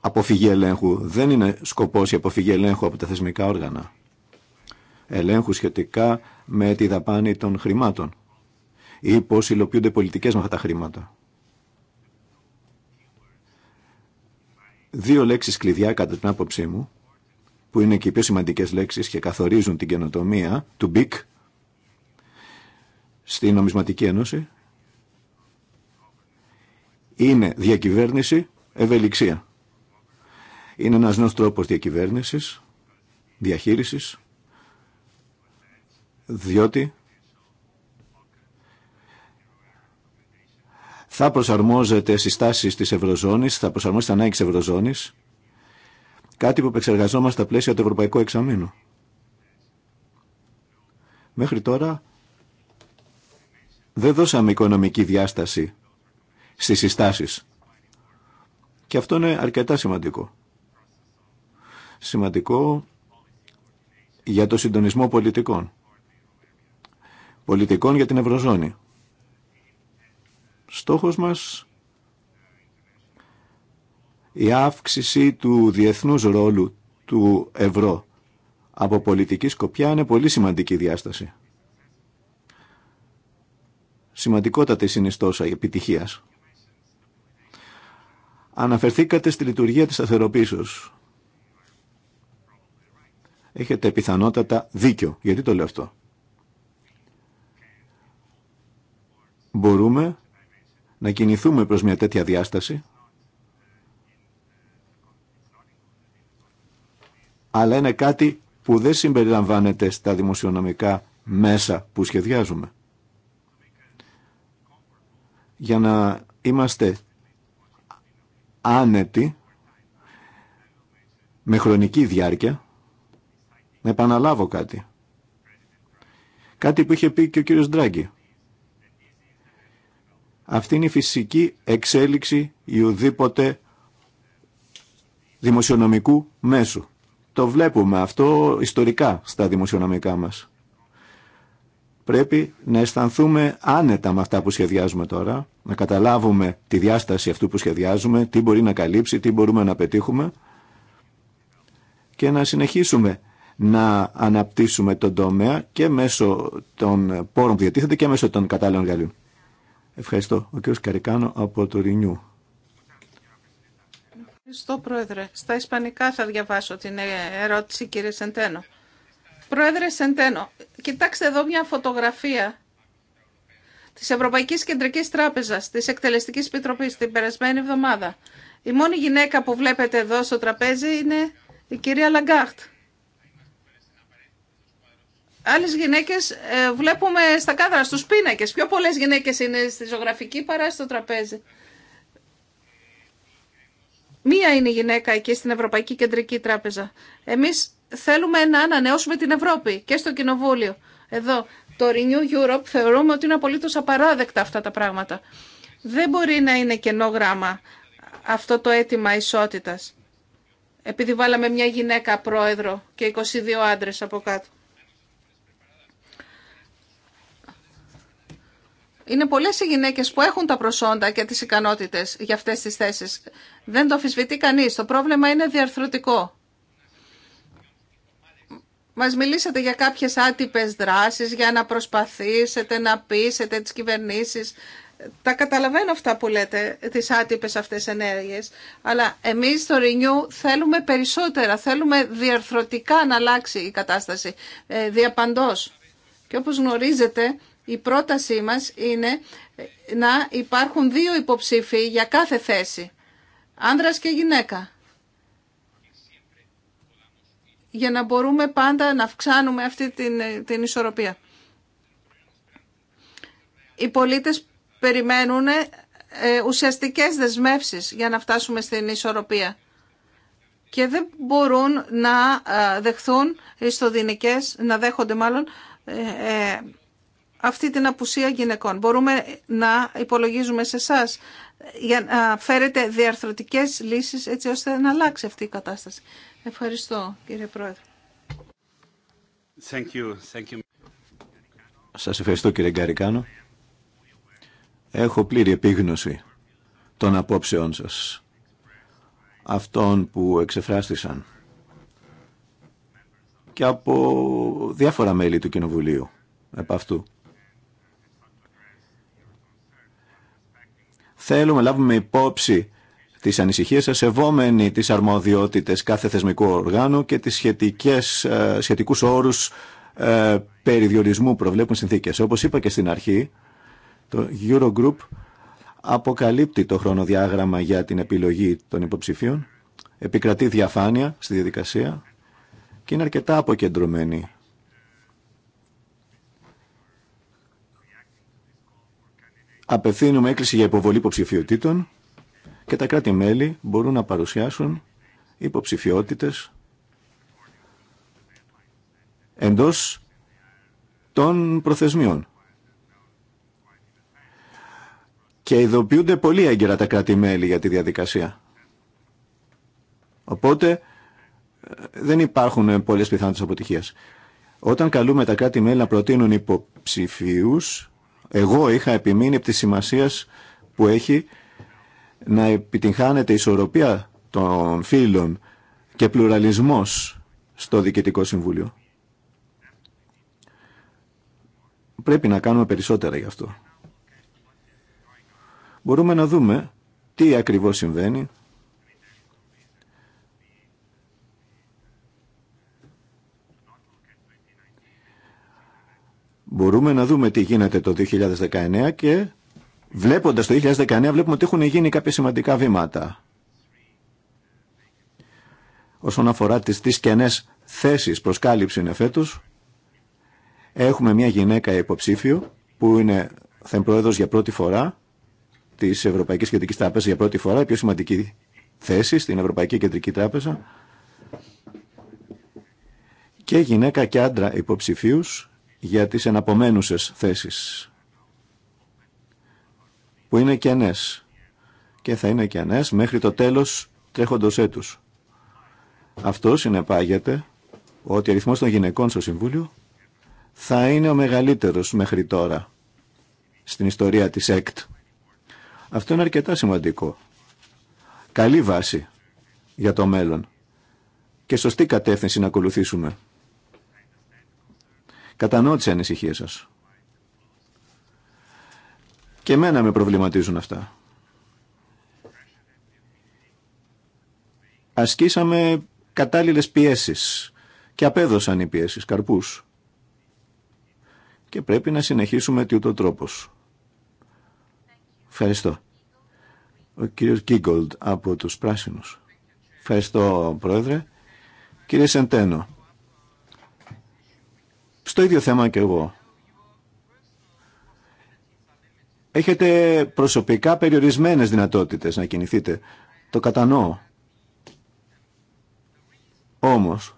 αποφυγή ελέγχου. Δεν είναι σκοπός η αποφυγή ελέγχου από τα θεσμικά όργανα. Ελέγχου σχετικά με τη δαπάνη των χρημάτων ή πώς υλοποιούνται πολιτικές με αυτά τα χρήματα. Δύο λέξεις κλειδιά κατά την άποψή μου που είναι και οι πιο σημαντικές λέξεις και καθορίζουν την καινοτομία του BIC στη Νομισματική Ένωση, είναι διακυβέρνηση, ευελιξία. Είναι ένας νέος τρόπος διακυβέρνησης, διαχείρισης, διότι θα προσαρμόζεται στις τάσεις της Ευρωζώνης, θα προσαρμόζεται ανάγκη της Ευρωζώνης Κάτι που επεξεργαζόμαστε στα πλαίσια του Ευρωπαϊκού Εξαμήνου. Μέχρι τώρα δεν δώσαμε οικονομική διάσταση στις συστάσεις. Και αυτό είναι αρκετά σημαντικό. Σημαντικό για το συντονισμό πολιτικών. Πολιτικών για την Ευρωζώνη. Στόχος μας η αύξηση του διεθνούς ρόλου του ευρώ από πολιτική σκοπιά είναι πολύ σημαντική διάσταση. Σημαντικότατη συνιστόσα επιτυχίας. Αναφερθήκατε στη λειτουργία της σταθεροποίησης. Έχετε πιθανότατα δίκιο. Γιατί το λέω αυτό. Μπορούμε να κινηθούμε προς μια τέτοια διάσταση αλλά είναι κάτι που δεν συμπεριλαμβάνεται στα δημοσιονομικά μέσα που σχεδιάζουμε. Για να είμαστε άνετοι, με χρονική διάρκεια, να επαναλάβω κάτι. Κάτι που είχε πει και ο κύριος Ντράγκη. Αυτή είναι η φυσική εξέλιξη ιουδήποτε δημοσιονομικού μέσου. Το βλέπουμε αυτό ιστορικά στα δημοσιονομικά μας. Πρέπει να αισθανθούμε άνετα με αυτά που σχεδιάζουμε τώρα, να καταλάβουμε τη διάσταση αυτού που σχεδιάζουμε, τι μπορεί να καλύψει, τι μπορούμε να πετύχουμε και να συνεχίσουμε να αναπτύσσουμε τον τομέα και μέσω των πόρων που διατίθεται και μέσω των κατάλληλων εργαλείων. Ευχαριστώ. Ο κ. Καρικάνο από το Ρινιού. Στο Πρόεδρε. Στα ισπανικά θα διαβάσω την ερώτηση, κύριε Σεντένο. Πρόεδρε Σεντένο, κοιτάξτε εδώ μια φωτογραφία της Ευρωπαϊκής Κεντρικής Τράπεζας, της Εκτελεστικής Επιτροπής, την περασμένη εβδομάδα. Η μόνη γυναίκα που βλέπετε εδώ στο τραπέζι είναι η κυρία Λαγκάρτ. Άλλες γυναίκες ε, βλέπουμε στα κάδρα, στους πίνακες. Πιο πολλές γυναίκες είναι στη ζωγραφική παρά στο τραπέζι. Μία είναι η γυναίκα εκεί στην Ευρωπαϊκή Κεντρική Τράπεζα. Εμείς θέλουμε να ανανεώσουμε την Ευρώπη και στο Κοινοβούλιο. Εδώ, το Renew Europe θεωρούμε ότι είναι απολύτως απαράδεκτα αυτά τα πράγματα. Δεν μπορεί να είναι κενό γράμμα αυτό το αίτημα ισότητας. Επειδή βάλαμε μια γυναίκα πρόεδρο και 22 άντρες από κάτω. Είναι πολλές οι γυναίκες που έχουν τα προσόντα και τις ικανότητες για αυτές τις θέσεις. Δεν το αφισβητεί κανείς. Το πρόβλημα είναι διαρθρωτικό. Μας μιλήσατε για κάποιες άτυπε δράσει για να προσπαθήσετε να πείσετε τις κυβερνήσεις. Τα καταλαβαίνω αυτά που λέτε, τις άτυπε αυτές ενέργειες. Αλλά εμεί στο Renew θέλουμε περισσότερα, θέλουμε διαρθρωτικά να αλλάξει η κατάσταση, ε, διαπαντός. Και όπως γνωρίζετε, η πρότασή μας είναι να υπάρχουν δύο υποψήφοι για κάθε θέση, άνδρας και γυναίκα, για να μπορούμε πάντα να αυξάνουμε αυτή την, την ισορροπία. Οι πολίτες περιμένουν ε, ουσιαστικές δεσμεύσεις για να φτάσουμε στην ισορροπία και δεν μπορούν να ε, δεχθούν ιστοδυνικές, να δέχονται μάλλον ε, αυτή την απουσία γυναικών. Μπορούμε να υπολογίζουμε σε εσά για να φέρετε διαρθρωτικές λύσεις έτσι ώστε να αλλάξει αυτή η κατάσταση. Ευχαριστώ κύριε Πρόεδρε. Thank you. Thank you. Σας ευχαριστώ κύριε Γκαρικάνο. Έχω πλήρη επίγνωση των απόψεών σας, αυτών που εξεφράστησαν και από διάφορα μέλη του Κοινοβουλίου επ' αυτού. Θέλουμε να λάβουμε υπόψη τις ανησυχίε σα σεβόμενοι τις αρμοδιότητες κάθε θεσμικού οργάνου και τις σχετικές, ε, σχετικούς όρους ε, περιδιορισμού προβλέπουν συνθήκες. Όπως είπα και στην αρχή, το Eurogroup αποκαλύπτει το χρονοδιάγραμμα για την επιλογή των υποψηφίων, επικρατεί διαφάνεια στη διαδικασία και είναι αρκετά αποκεντρωμένη απευθύνουμε έκκληση για υποβολή υποψηφιότητων και τα κράτη-μέλη μπορούν να παρουσιάσουν υποψηφιότητες εντός των προθεσμιών. Και ειδοποιούνται πολύ έγκαιρα τα κράτη-μέλη για τη διαδικασία. Οπότε ε, δεν υπάρχουν πολλές πιθανότητες αποτυχίας. Όταν καλούμε τα κράτη-μέλη να προτείνουν υποψηφίους, εγώ είχα επιμείνει από τη σημασία που έχει να επιτυγχάνεται ισορροπία των φίλων και πλουραλισμός στο Διοικητικό Συμβούλιο. Πρέπει να κάνουμε περισσότερα γι' αυτό. Μπορούμε να δούμε τι ακριβώς συμβαίνει Μπορούμε να δούμε τι γίνεται το 2019 και βλέποντας το 2019 βλέπουμε ότι έχουν γίνει κάποια σημαντικά βήματα. Όσον αφορά τις τρεις κενές θέσεις προσκάλυψη είναι έχουμε μια γυναίκα υποψήφιο που είναι θεμπρόεδρος για πρώτη φορά της Ευρωπαϊκής Κεντρικής Τράπεζας για πρώτη φορά, η πιο σημαντική θέση στην Ευρωπαϊκή Κεντρική Τράπεζα και γυναίκα και άντρα υποψηφίους για τις εναπομένουσες θέσεις που είναι κενές και θα είναι κενές μέχρι το τέλος τρέχοντος έτους. Αυτό συνεπάγεται ότι ο αριθμός των γυναικών στο Συμβούλιο θα είναι ο μεγαλύτερος μέχρι τώρα στην ιστορία της ΕΚΤ. Αυτό είναι αρκετά σημαντικό. Καλή βάση για το μέλλον και σωστή κατεύθυνση να ακολουθήσουμε. Κατανοώ τις ανησυχίες σας. Και εμένα με προβληματίζουν αυτά. Ασκήσαμε κατάλληλες πιέσεις και απέδωσαν οι πιέσεις καρπούς. Και πρέπει να συνεχίσουμε ούτω τρόπος. Ευχαριστώ. Ο κύριος Κίγκολτ από τους Πράσινους. Ευχαριστώ, Πρόεδρε. Κύριε Σεντένο, στο ίδιο θέμα και εγώ. Έχετε προσωπικά περιορισμένες δυνατότητες να κινηθείτε. Το κατανοώ. Όμως,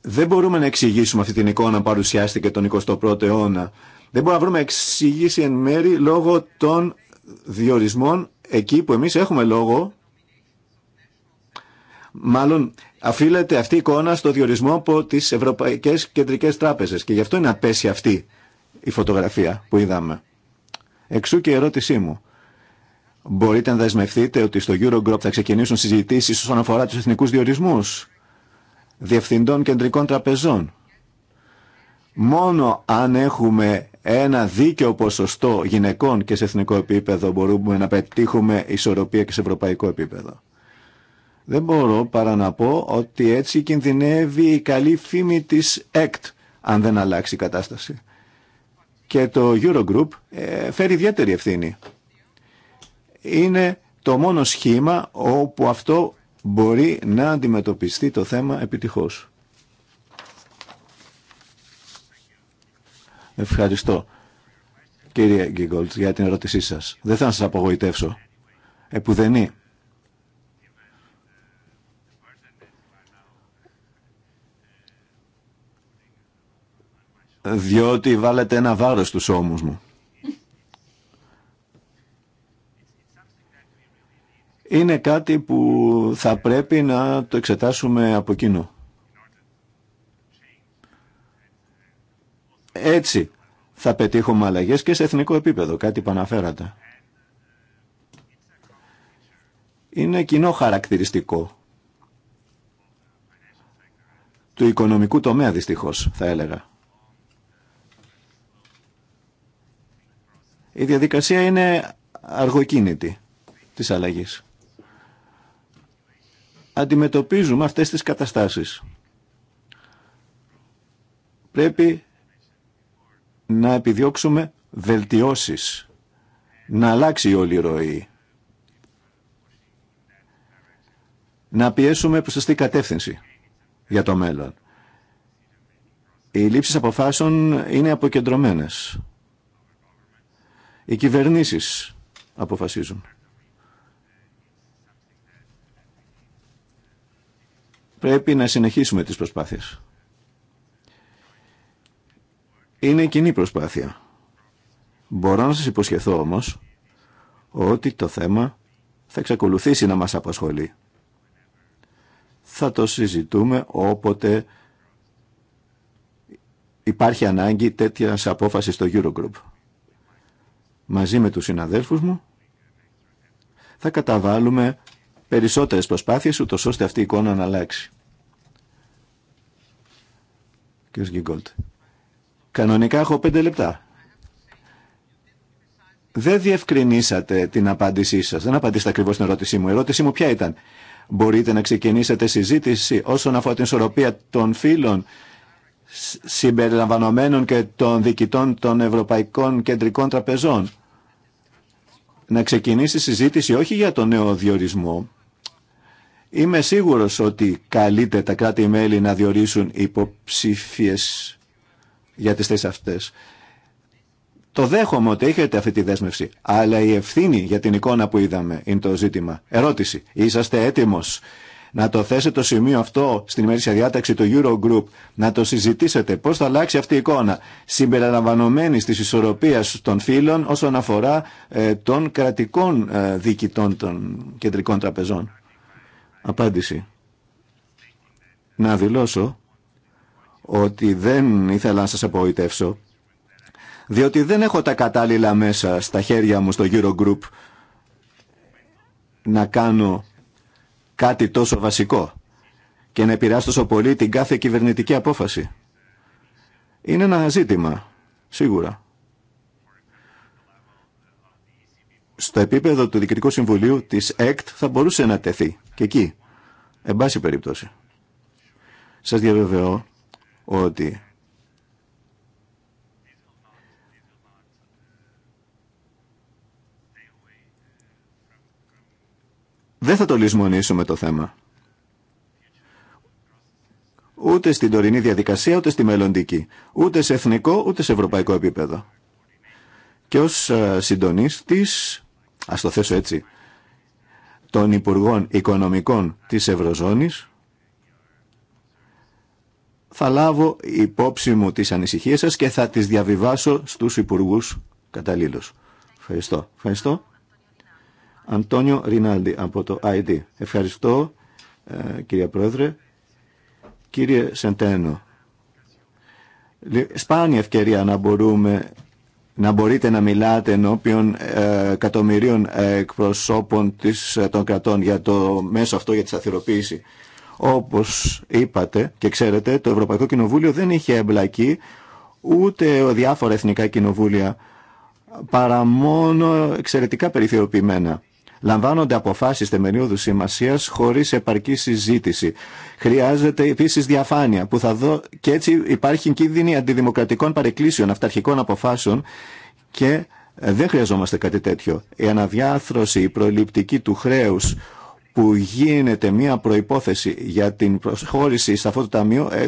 δεν μπορούμε να εξηγήσουμε αυτή την εικόνα που παρουσιάστηκε τον 21ο αιώνα. Δεν μπορούμε να βρούμε εξηγήσει εν μέρη λόγω των διορισμών εκεί που εμείς έχουμε λόγο μάλλον αφήλεται αυτή η εικόνα στο διορισμό από τι ευρωπαϊκέ κεντρικέ τράπεζε. και γι' αυτό είναι απέσια αυτή η φωτογραφία που είδαμε. Εξού και η ερώτησή μου. Μπορείτε να δεσμευτείτε ότι στο Eurogroup θα ξεκινήσουν συζητήσει όσον αφορά του εθνικού διορισμού, διευθυντών κεντρικών τραπεζών. Μόνο αν έχουμε ένα δίκαιο ποσοστό γυναικών και σε εθνικό επίπεδο μπορούμε να πετύχουμε ισορροπία και σε ευρωπαϊκό επίπεδο. Δεν μπορώ παρά να πω ότι έτσι κινδυνεύει η καλή φήμη της ΕΚΤ αν δεν αλλάξει η κατάσταση. Και το Eurogroup ε, φέρει ιδιαίτερη ευθύνη. Είναι το μόνο σχήμα όπου αυτό μπορεί να αντιμετωπιστεί το θέμα επιτυχώς. Ευχαριστώ κύριε Γκίγκολτ για την ερώτησή σας. Δεν θα σας απογοητεύσω. Επουδενή. διότι βάλετε ένα βάρος στους ώμους μου. Είναι κάτι που θα πρέπει να το εξετάσουμε από κοινού. Έτσι θα πετύχουμε αλλαγές και σε εθνικό επίπεδο, κάτι που αναφέρατε. Είναι κοινό χαρακτηριστικό του οικονομικού τομέα δυστυχώς, θα έλεγα. Η διαδικασία είναι αργοκίνητη της αλλαγής. Αντιμετωπίζουμε αυτές τις καταστάσεις. Πρέπει να επιδιώξουμε βελτιώσεις, να αλλάξει όλη η ροή, να πιέσουμε προς αυτή κατεύθυνση για το μέλλον. Οι λήψεις αποφάσεων είναι αποκεντρωμένες. Οι κυβερνήσεις αποφασίζουν. Πρέπει να συνεχίσουμε τις προσπάθειες. Είναι κοινή προσπάθεια. Μπορώ να σας υποσχεθώ όμως ότι το θέμα θα εξακολουθήσει να μας απασχολεί. Θα το συζητούμε όποτε υπάρχει ανάγκη τέτοιας απόφασης στο Eurogroup μαζί με τους συναδέλφους μου θα καταβάλουμε περισσότερες προσπάθειες ούτως ώστε αυτή η εικόνα να αλλάξει. Κύριος Κανονικά έχω πέντε λεπτά. Δεν διευκρινίσατε την απάντησή σας. Δεν απαντήσατε ακριβώς την ερώτησή μου. Η ερώτησή μου ποια ήταν. Μπορείτε να ξεκινήσετε συζήτηση όσον αφορά την ισορροπία των φύλων συμπεριλαμβανομένων και των διοικητών των Ευρωπαϊκών Κεντρικών Τραπεζών. Να ξεκινήσει συζήτηση όχι για τον νέο διορισμό. Είμαι σίγουρος ότι καλείται τα κράτη-μέλη να διορίσουν υποψήφιες για τις θέσεις αυτές. Το δέχομαι ότι έχετε αυτή τη δέσμευση, αλλά η ευθύνη για την εικόνα που είδαμε είναι το ζήτημα. Ερώτηση, είσαστε έτοιμος να το θέσετε το σημείο αυτό στην ημερήσια διάταξη του Eurogroup, να το συζητήσετε πώς θα αλλάξει αυτή η εικόνα, συμπεριλαμβανομένη τη ισορροπία των φύλων όσον αφορά ε, των κρατικών ε, διοικητών των κεντρικών τραπεζών. Απάντηση. Να δηλώσω ότι δεν ήθελα να σας απογοητεύσω, διότι δεν έχω τα κατάλληλα μέσα στα χέρια μου στο Eurogroup να κάνω κάτι τόσο βασικό και να επηρεάσει τόσο πολύ την κάθε κυβερνητική απόφαση. Είναι ένα ζήτημα, σίγουρα. Στο επίπεδο του Διοικητικού Συμβουλίου της ΕΚΤ θα μπορούσε να τεθεί και εκεί, εν πάση περιπτώσει. Σας διαβεβαιώ ότι Δεν θα το λησμονήσουμε το θέμα. Ούτε στην τωρινή διαδικασία, ούτε στη μελλοντική. Ούτε σε εθνικό, ούτε σε ευρωπαϊκό επίπεδο. Και ως ε, συντονίστης, ας το θέσω έτσι, των Υπουργών Οικονομικών της Ευρωζώνης, θα λάβω υπόψη μου τις ανησυχίες σας και θα τις διαβιβάσω στους Υπουργούς καταλήλως. Ευχαριστώ. Ευχαριστώ. Αντώνιο Ρινάλντι από το ID. Ευχαριστώ κύριε Πρόεδρε. Κύριε Σεντένο, σπάνια ευκαιρία να μπορούμε να μπορείτε να μιλάτε ενώπιον ε, εκατομμυρίων ε, εκπροσώπων της, ε, των κρατών για το μέσο αυτό για τη σταθεροποίηση. Όπως είπατε και ξέρετε, το Ευρωπαϊκό Κοινοβούλιο δεν είχε εμπλακεί ούτε διάφορα εθνικά κοινοβούλια παρά μόνο εξαιρετικά περιθωριοποιημένα. Λαμβάνονται αποφάσεις θεμελιώδους σημασία χωρίς επαρκή συζήτηση. Χρειάζεται επίσης διαφάνεια που θα δω και έτσι υπάρχει κίνδυνη αντιδημοκρατικών παρεκκλήσεων, αυταρχικών αποφάσεων και ε, δεν χρειαζόμαστε κάτι τέτοιο. Η αναδιάθρωση, η προληπτική του χρέους που γίνεται μια προϋπόθεση για την προσχώρηση σε αυτό το ταμείο ε,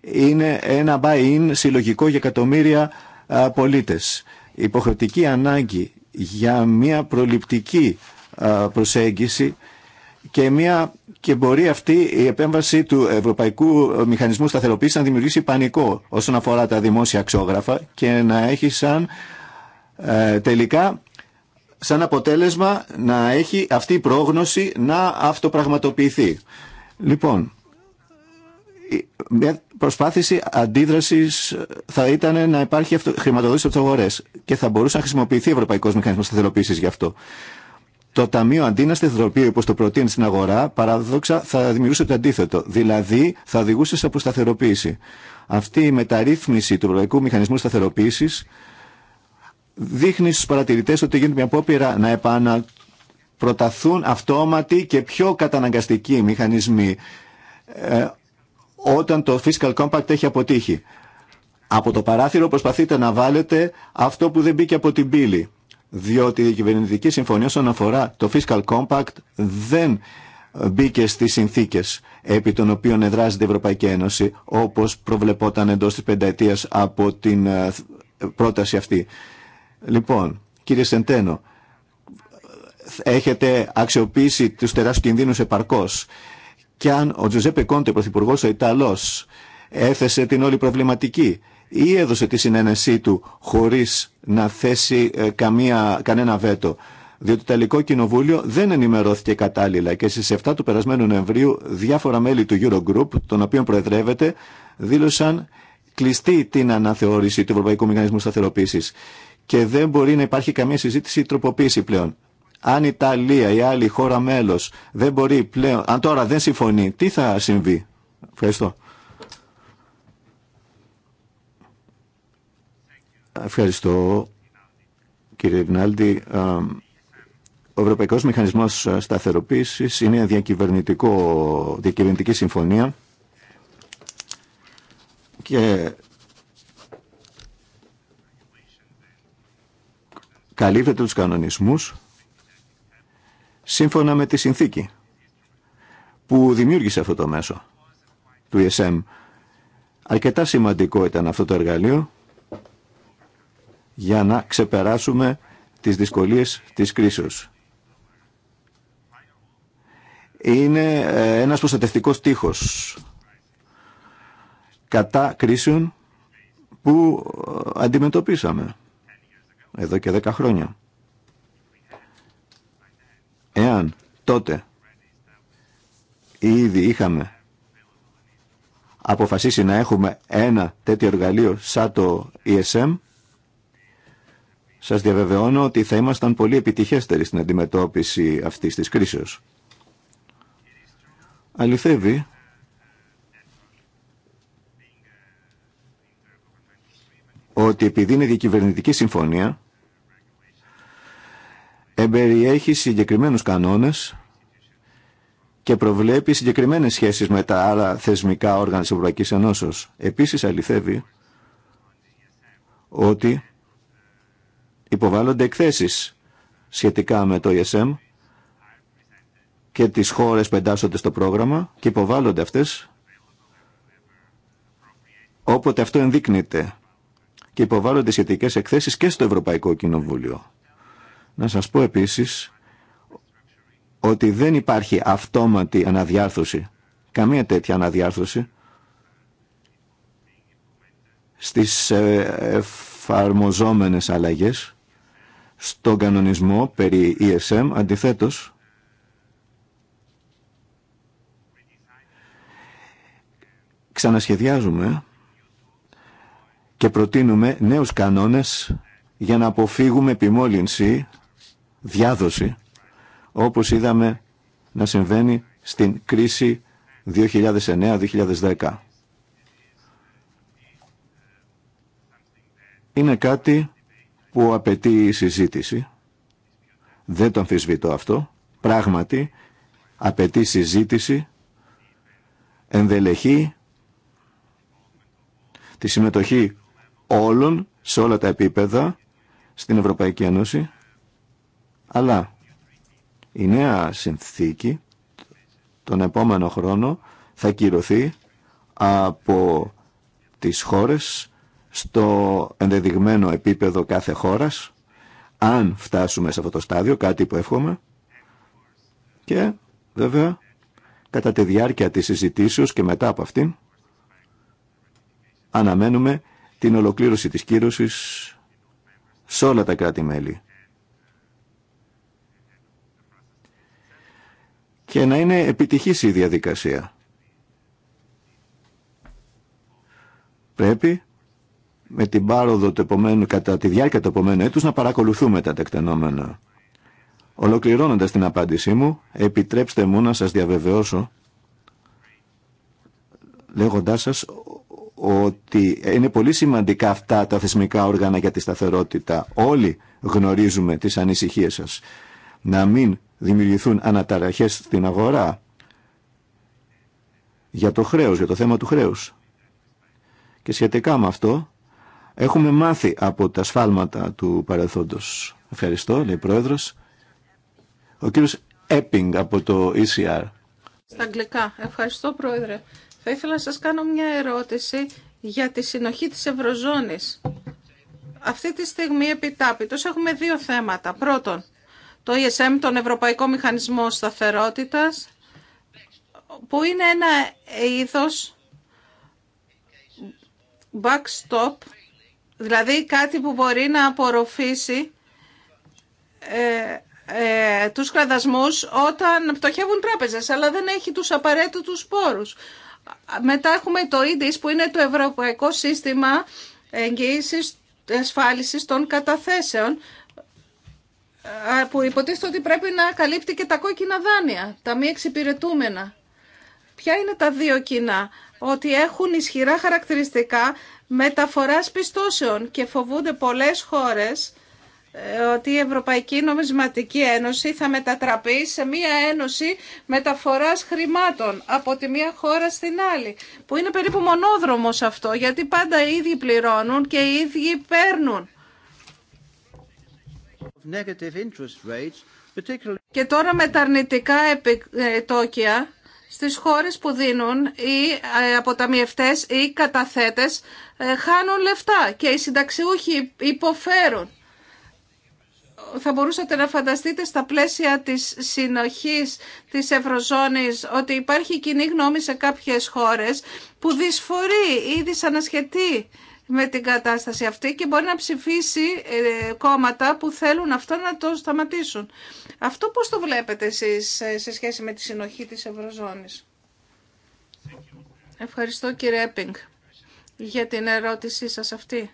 είναι ένα buy-in συλλογικό για εκατομμύρια πολίτες. υποχρεωτική ανάγκη για μια προληπτική προσέγγιση και, μια, και μπορεί αυτή η επέμβαση του Ευρωπαϊκού Μηχανισμού Σταθεροποίησης να δημιουργήσει πανικό όσον αφορά τα δημόσια αξιόγραφα και να έχει σαν ε, τελικά σαν αποτέλεσμα να έχει αυτή η πρόγνωση να αυτοπραγματοποιηθεί. Λοιπόν, μια προσπάθηση αντίδραση θα ήταν να υπάρχει χρηματοδότηση από τι αγορέ και θα μπορούσε να χρησιμοποιηθεί ευρωπαϊκό μηχανισμό σταθεροποίηση γι' αυτό. Το Ταμείο αντί να σταθεροποιεί όπω το προτείνει στην αγορά, παράδοξα θα δημιουργούσε το αντίθετο. Δηλαδή θα οδηγούσε σε αποσταθεροποίηση. Αυτή η μεταρρύθμιση του ευρωπαϊκού μηχανισμού σταθεροποίηση δείχνει στου παρατηρητέ ότι γίνεται μια απόπειρα να επαναπροταθούν αυτόματοι και πιο καταναγκαστικοί μηχανισμοί ε, όταν το fiscal compact έχει αποτύχει. Από το παράθυρο προσπαθείτε να βάλετε αυτό που δεν μπήκε από την πύλη. Διότι η κυβερνητική συμφωνία όσον αφορά το fiscal compact δεν μπήκε στις συνθήκες επί των οποίων εδράζεται η Ευρωπαϊκή Ένωση όπως προβλεπόταν εντός της πενταετίας από την ε, πρόταση αυτή. Λοιπόν, κύριε Σεντένο, έχετε αξιοποιήσει τους τεράστιους κινδύνους επαρκώς και αν ο Τζουζέπε Κόντε, πρωθυπουργό ο Ιταλό, έθεσε την όλη προβληματική ή έδωσε τη συνένεσή του χωρί να θέσει ε, καμία, κανένα βέτο. Διότι το Ιταλικό Κοινοβούλιο δεν ενημερώθηκε κατάλληλα και στι 7 του περασμένου Νοεμβρίου διάφορα μέλη του Eurogroup, των οποίων προεδρεύεται, δήλωσαν κλειστή την αναθεώρηση του Ευρωπαϊκού Μηχανισμού σταθεροποίηση και δεν μπορεί να υπάρχει καμία συζήτηση ή τροποποίηση πλέον. Αν η Ιταλία ή άλλη χώρα μέλος δεν μπορεί πλέον, αν τώρα δεν συμφωνεί, τι θα συμβεί. Ευχαριστώ. Ευχαριστώ κύριε Γνάλντι. Ο Ευρωπαϊκός Μηχανισμός Σταθεροποίησης είναι διακυβερνητικό, διακυβερνητική συμφωνία και καλύπτεται τους κανονισμούς σύμφωνα με τη συνθήκη που δημιούργησε αυτό το μέσο του ESM. Αρκετά σημαντικό ήταν αυτό το εργαλείο για να ξεπεράσουμε τις δυσκολίες της κρίσεως. Είναι ε, ένας προστατευτικός τείχος κατά κρίσεων που ε, αντιμετωπίσαμε εδώ και 10 χρόνια. Εάν τότε ήδη είχαμε αποφασίσει να έχουμε ένα τέτοιο εργαλείο σαν το ESM, σας διαβεβαιώνω ότι θα ήμασταν πολύ επιτυχέστεροι στην αντιμετώπιση αυτής της κρίσεως. Αληθεύει ότι επειδή είναι διακυβερνητική συμφωνία, εμπεριέχει συγκεκριμένους κανόνες και προβλέπει συγκεκριμένες σχέσεις με τα άλλα θεσμικά όργανα της Ευρωπαϊκής Ενώσεως. Επίσης αληθεύει ότι υποβάλλονται εκθέσεις σχετικά με το ESM και τις χώρες που στο πρόγραμμα και υποβάλλονται αυτές όποτε αυτό ενδείκνυται και υποβάλλονται σχετικές εκθέσεις και στο Ευρωπαϊκό Κοινοβούλιο. Να σας πω επίσης ότι δεν υπάρχει αυτόματη αναδιάρθρωση, καμία τέτοια αναδιάρθρωση στις ε, εφαρμοζόμενες αλλαγές στον κανονισμό περί ESM, αντιθέτως ξανασχεδιάζουμε και προτείνουμε νέους κανόνες για να αποφύγουμε επιμόλυνση διάδοση, όπως είδαμε να συμβαίνει στην κρίση 2009-2010. Είναι κάτι που απαιτεί η συζήτηση. Δεν το αμφισβητώ αυτό. Πράγματι, απαιτεί συζήτηση, ενδελεχή, τη συμμετοχή όλων σε όλα τα επίπεδα στην Ευρωπαϊκή Ένωση αλλά η νέα συνθήκη τον επόμενο χρόνο θα κυρωθεί από τις χώρες στο ενδεδειγμένο επίπεδο κάθε χώρας αν φτάσουμε σε αυτό το στάδιο, κάτι που εύχομαι και βέβαια κατά τη διάρκεια της συζητήσεως και μετά από αυτήν αναμένουμε την ολοκλήρωση της κύρωσης σε όλα τα κράτη-μέλη και να είναι επιτυχής η διαδικασία. Πρέπει με την πάροδο κατά τη διάρκεια του επομένου έτους να παρακολουθούμε τα τεκτενόμενα. Ολοκληρώνοντας την απάντησή μου, επιτρέψτε μου να σας διαβεβαιώσω λέγοντάς σας ότι είναι πολύ σημαντικά αυτά τα θεσμικά όργανα για τη σταθερότητα. Όλοι γνωρίζουμε τις ανησυχίες σας. Να μην δημιουργηθούν αναταραχές στην αγορά για το χρέος, για το θέμα του χρέους. Και σχετικά με αυτό έχουμε μάθει από τα σφάλματα του παρελθόντος. Ευχαριστώ, λέει Πρόεδρος. Ο κύριος Έπινγκ από το ECR. Στα αγγλικά. Ευχαριστώ, Πρόεδρε. Θα ήθελα να σας κάνω μια ερώτηση για τη συνοχή της Ευρωζώνης. Αυτή τη στιγμή επιτάπητος έχουμε δύο θέματα. Πρώτον, το ESM, τον Ευρωπαϊκό Μηχανισμό Σταθερότητας, που είναι ένα είδος backstop, δηλαδή κάτι που μπορεί να απορροφήσει ε, ε, τους κραδασμούς όταν πτωχεύουν τράπεζες, αλλά δεν έχει τους απαραίτητους πόρους. Μετά έχουμε το EDIS που είναι το Ευρωπαϊκό Σύστημα Εγγύησης Ασφάλισης των Καταθέσεων που υποτίθεται ότι πρέπει να καλύπτει και τα κόκκινα δάνεια, τα μη εξυπηρετούμενα. Ποια είναι τα δύο κοινά, ότι έχουν ισχυρά χαρακτηριστικά μεταφοράς πιστώσεων και φοβούνται πολλές χώρες ε, ότι η Ευρωπαϊκή Νομισματική Ένωση θα μετατραπεί σε μία ένωση μεταφοράς χρημάτων από τη μία χώρα στην άλλη, που είναι περίπου μονόδρομος αυτό, γιατί πάντα οι ίδιοι πληρώνουν και οι ίδιοι παίρνουν. Και τώρα με τα αρνητικά επιτόκια στις χώρες που δίνουν οι ε, αποταμιευτές ή καταθέτες ε, χάνουν λεφτά και οι συνταξιούχοι υποφέρουν. Θα μπορούσατε να φανταστείτε στα πλαίσια της συνοχής της Ευρωζώνης ότι υπάρχει κοινή γνώμη σε κάποιες χώρες που δυσφορεί ή δυσανασχετεί με την κατάσταση αυτή και μπορεί να ψηφίσει ε, κόμματα που θέλουν αυτό να το σταματήσουν. Αυτό πώς το βλέπετε εσείς ε, σε σχέση με τη συνοχή της Ευρωζώνης. Ευχαριστώ κύριε Έπινγκ για την ερώτησή σας αυτή.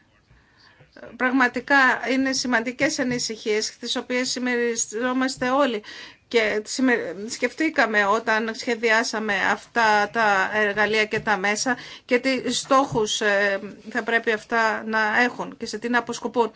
Πραγματικά είναι σημαντικές ανησυχίες τις οποίες συμμεριζόμαστε όλοι και σκεφτήκαμε όταν σχεδιάσαμε αυτά τα εργαλεία και τα μέσα και τι στόχους ε, θα πρέπει αυτά να έχουν και σε τι να αποσκοπούν.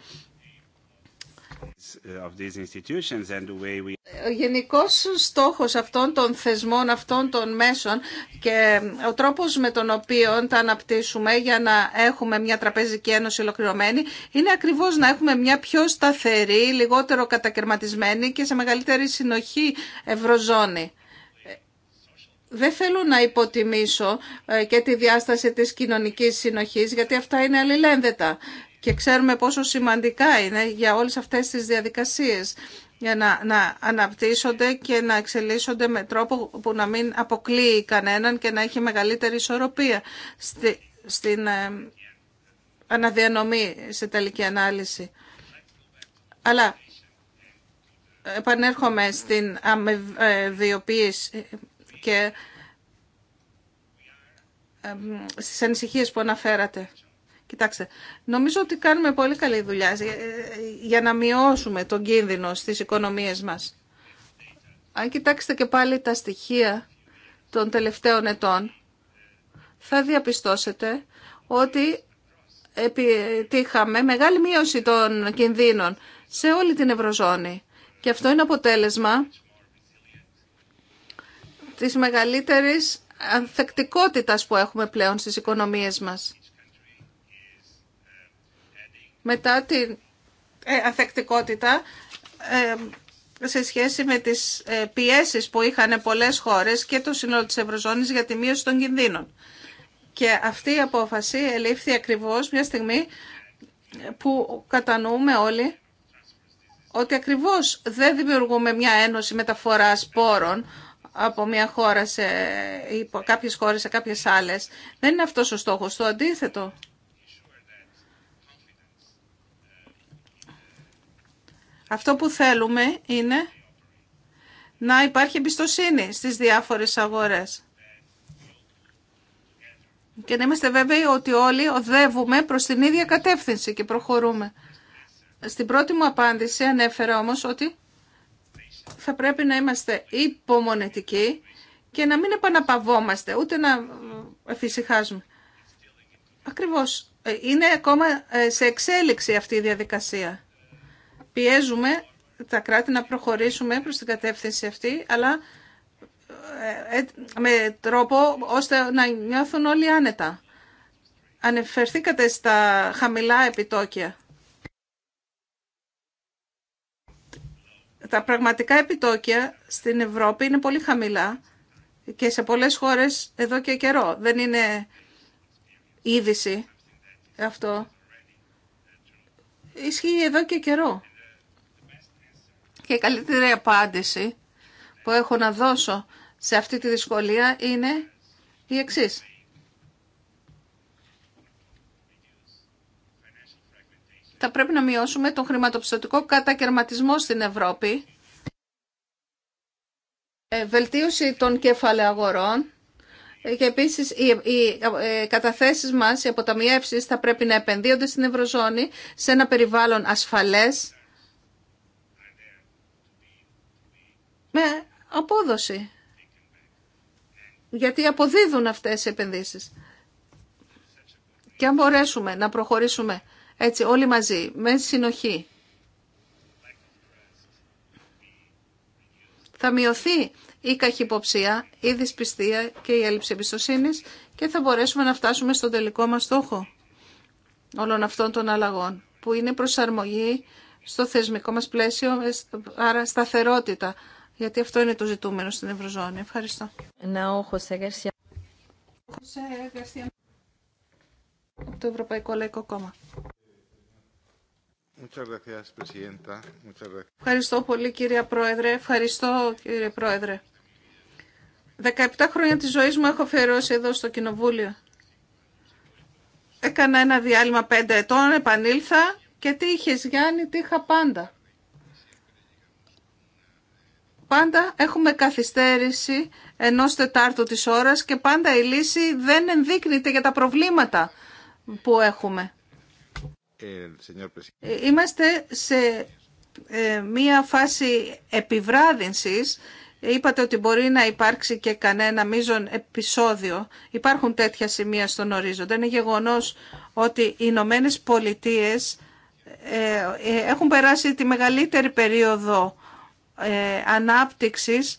Ο γενικός στόχος αυτών των θεσμών, αυτών των μέσων και ο τρόπος με τον οποίο τα αναπτύσσουμε για να έχουμε μια τραπεζική ένωση ολοκληρωμένη είναι ακριβώς να έχουμε μια πιο σταθερή, λιγότερο κατακαιρματισμένη και σε μεγαλύτερη συνοχή ευρωζώνη. Δεν θέλω να υποτιμήσω ε, και τη διάσταση της κοινωνικής συνοχής, γιατί αυτά είναι αλληλένδετα και ξέρουμε πόσο σημαντικά είναι για όλες αυτές τις διαδικασίες για να, να αναπτύσσονται και να εξελίσσονται με τρόπο που να μην αποκλείει κανέναν και να έχει μεγαλύτερη ισορροπία στη, στην ε, αναδιανομή σε τελική ανάλυση. Αλλά επανέρχομαι στην αμεβιοποίηση και ε, στις ανησυχίες που αναφέρατε. Κοιτάξτε, νομίζω ότι κάνουμε πολύ καλή δουλειά ε, ε, για να μειώσουμε τον κίνδυνο στις οικονομίες μας. Αν κοιτάξετε και πάλι τα στοιχεία των τελευταίων ετών, θα διαπιστώσετε ότι επιτύχαμε μεγάλη μείωση των κινδύνων σε όλη την Ευρωζώνη. Και αυτό είναι αποτέλεσμα της μεγαλύτερης ανθεκτικότητας που έχουμε πλέον στις οικονομίες μας μετά την ε, αθεκτικότητα ε, σε σχέση με τις ε, πιέσεις που είχαν πολλές χώρες και το σύνολο της Ευρωζώνης για τη μείωση των κινδύνων. Και αυτή η απόφαση ελήφθη ακριβώς μια στιγμή που κατανοούμε όλοι ότι ακριβώς δεν δημιουργούμε μια ένωση μεταφοράς πόρων από μια χώρα σε κάποιες χώρες σε κάποιες άλλες. Δεν είναι αυτός ο στόχος. Το αντίθετο. Αυτό που θέλουμε είναι να υπάρχει εμπιστοσύνη στις διάφορες αγορές. Και να είμαστε βέβαιοι ότι όλοι οδεύουμε προς την ίδια κατεύθυνση και προχωρούμε. Στην πρώτη μου απάντηση ανέφερα όμως ότι θα πρέπει να είμαστε υπομονετικοί και να μην επαναπαυόμαστε, ούτε να εφησυχάζουμε. Ακριβώς. Ε, είναι ακόμα ε, σε εξέλιξη αυτή η διαδικασία πιέζουμε τα κράτη να προχωρήσουμε προς την κατεύθυνση αυτή, αλλά ε, ε, με τρόπο ώστε να νιώθουν όλοι άνετα. Ανεφερθήκατε στα χαμηλά επιτόκια. Τα πραγματικά επιτόκια στην Ευρώπη είναι πολύ χαμηλά και σε πολλές χώρες εδώ και καιρό. Δεν είναι είδηση αυτό. Ισχύει εδώ και καιρό και η καλύτερη απάντηση που έχω να δώσω σε αυτή τη δυσκολία είναι η εξής. Θα πρέπει να μειώσουμε τον χρηματοπιστωτικό κατακαιρματισμό στην Ευρώπη, ε, βελτίωση των κεφαλαιαγορών ε, και επίσης οι ε, καταθέσεις μας, οι αποταμιεύσεις θα πρέπει να επενδύονται στην Ευρωζώνη σε ένα περιβάλλον ασφαλές με απόδοση. Γιατί αποδίδουν αυτές οι επενδύσεις. Και αν μπορέσουμε να προχωρήσουμε έτσι όλοι μαζί, με συνοχή, θα μειωθεί η καχυποψία, η δυσπιστία και η έλλειψη εμπιστοσύνη και θα μπορέσουμε να φτάσουμε στον τελικό μας στόχο όλων αυτών των αλλαγών, που είναι προσαρμογή στο θεσμικό μας πλαίσιο, άρα σταθερότητα γιατί αυτό είναι το ζητούμενο στην Ευρωζώνη. Ευχαριστώ. το Ευρωπαϊκό Λαϊκό Κόμμα. Ευχαριστώ πολύ κύριε Πρόεδρε. Ευχαριστώ κύριε Πρόεδρε. 17 χρόνια της ζωής μου έχω φερώσει εδώ στο Κοινοβούλιο. Έκανα ένα διάλειμμα 5 ετών, επανήλθα και τι είχες Γιάννη, τι είχα πάντα πάντα έχουμε καθυστέρηση ενό τετάρτου της ώρας και πάντα η λύση δεν ενδείκνυται για τα προβλήματα που έχουμε. Ε, είμαστε σε ε, μία φάση επιβράδυνσης. Είπατε ότι μπορεί να υπάρξει και κανένα μείζον επεισόδιο. Υπάρχουν τέτοια σημεία στον ορίζοντα. Είναι γεγονός ότι οι Ηνωμένε Πολιτείες ε, έχουν περάσει τη μεγαλύτερη περίοδο ε, ανάπτυξης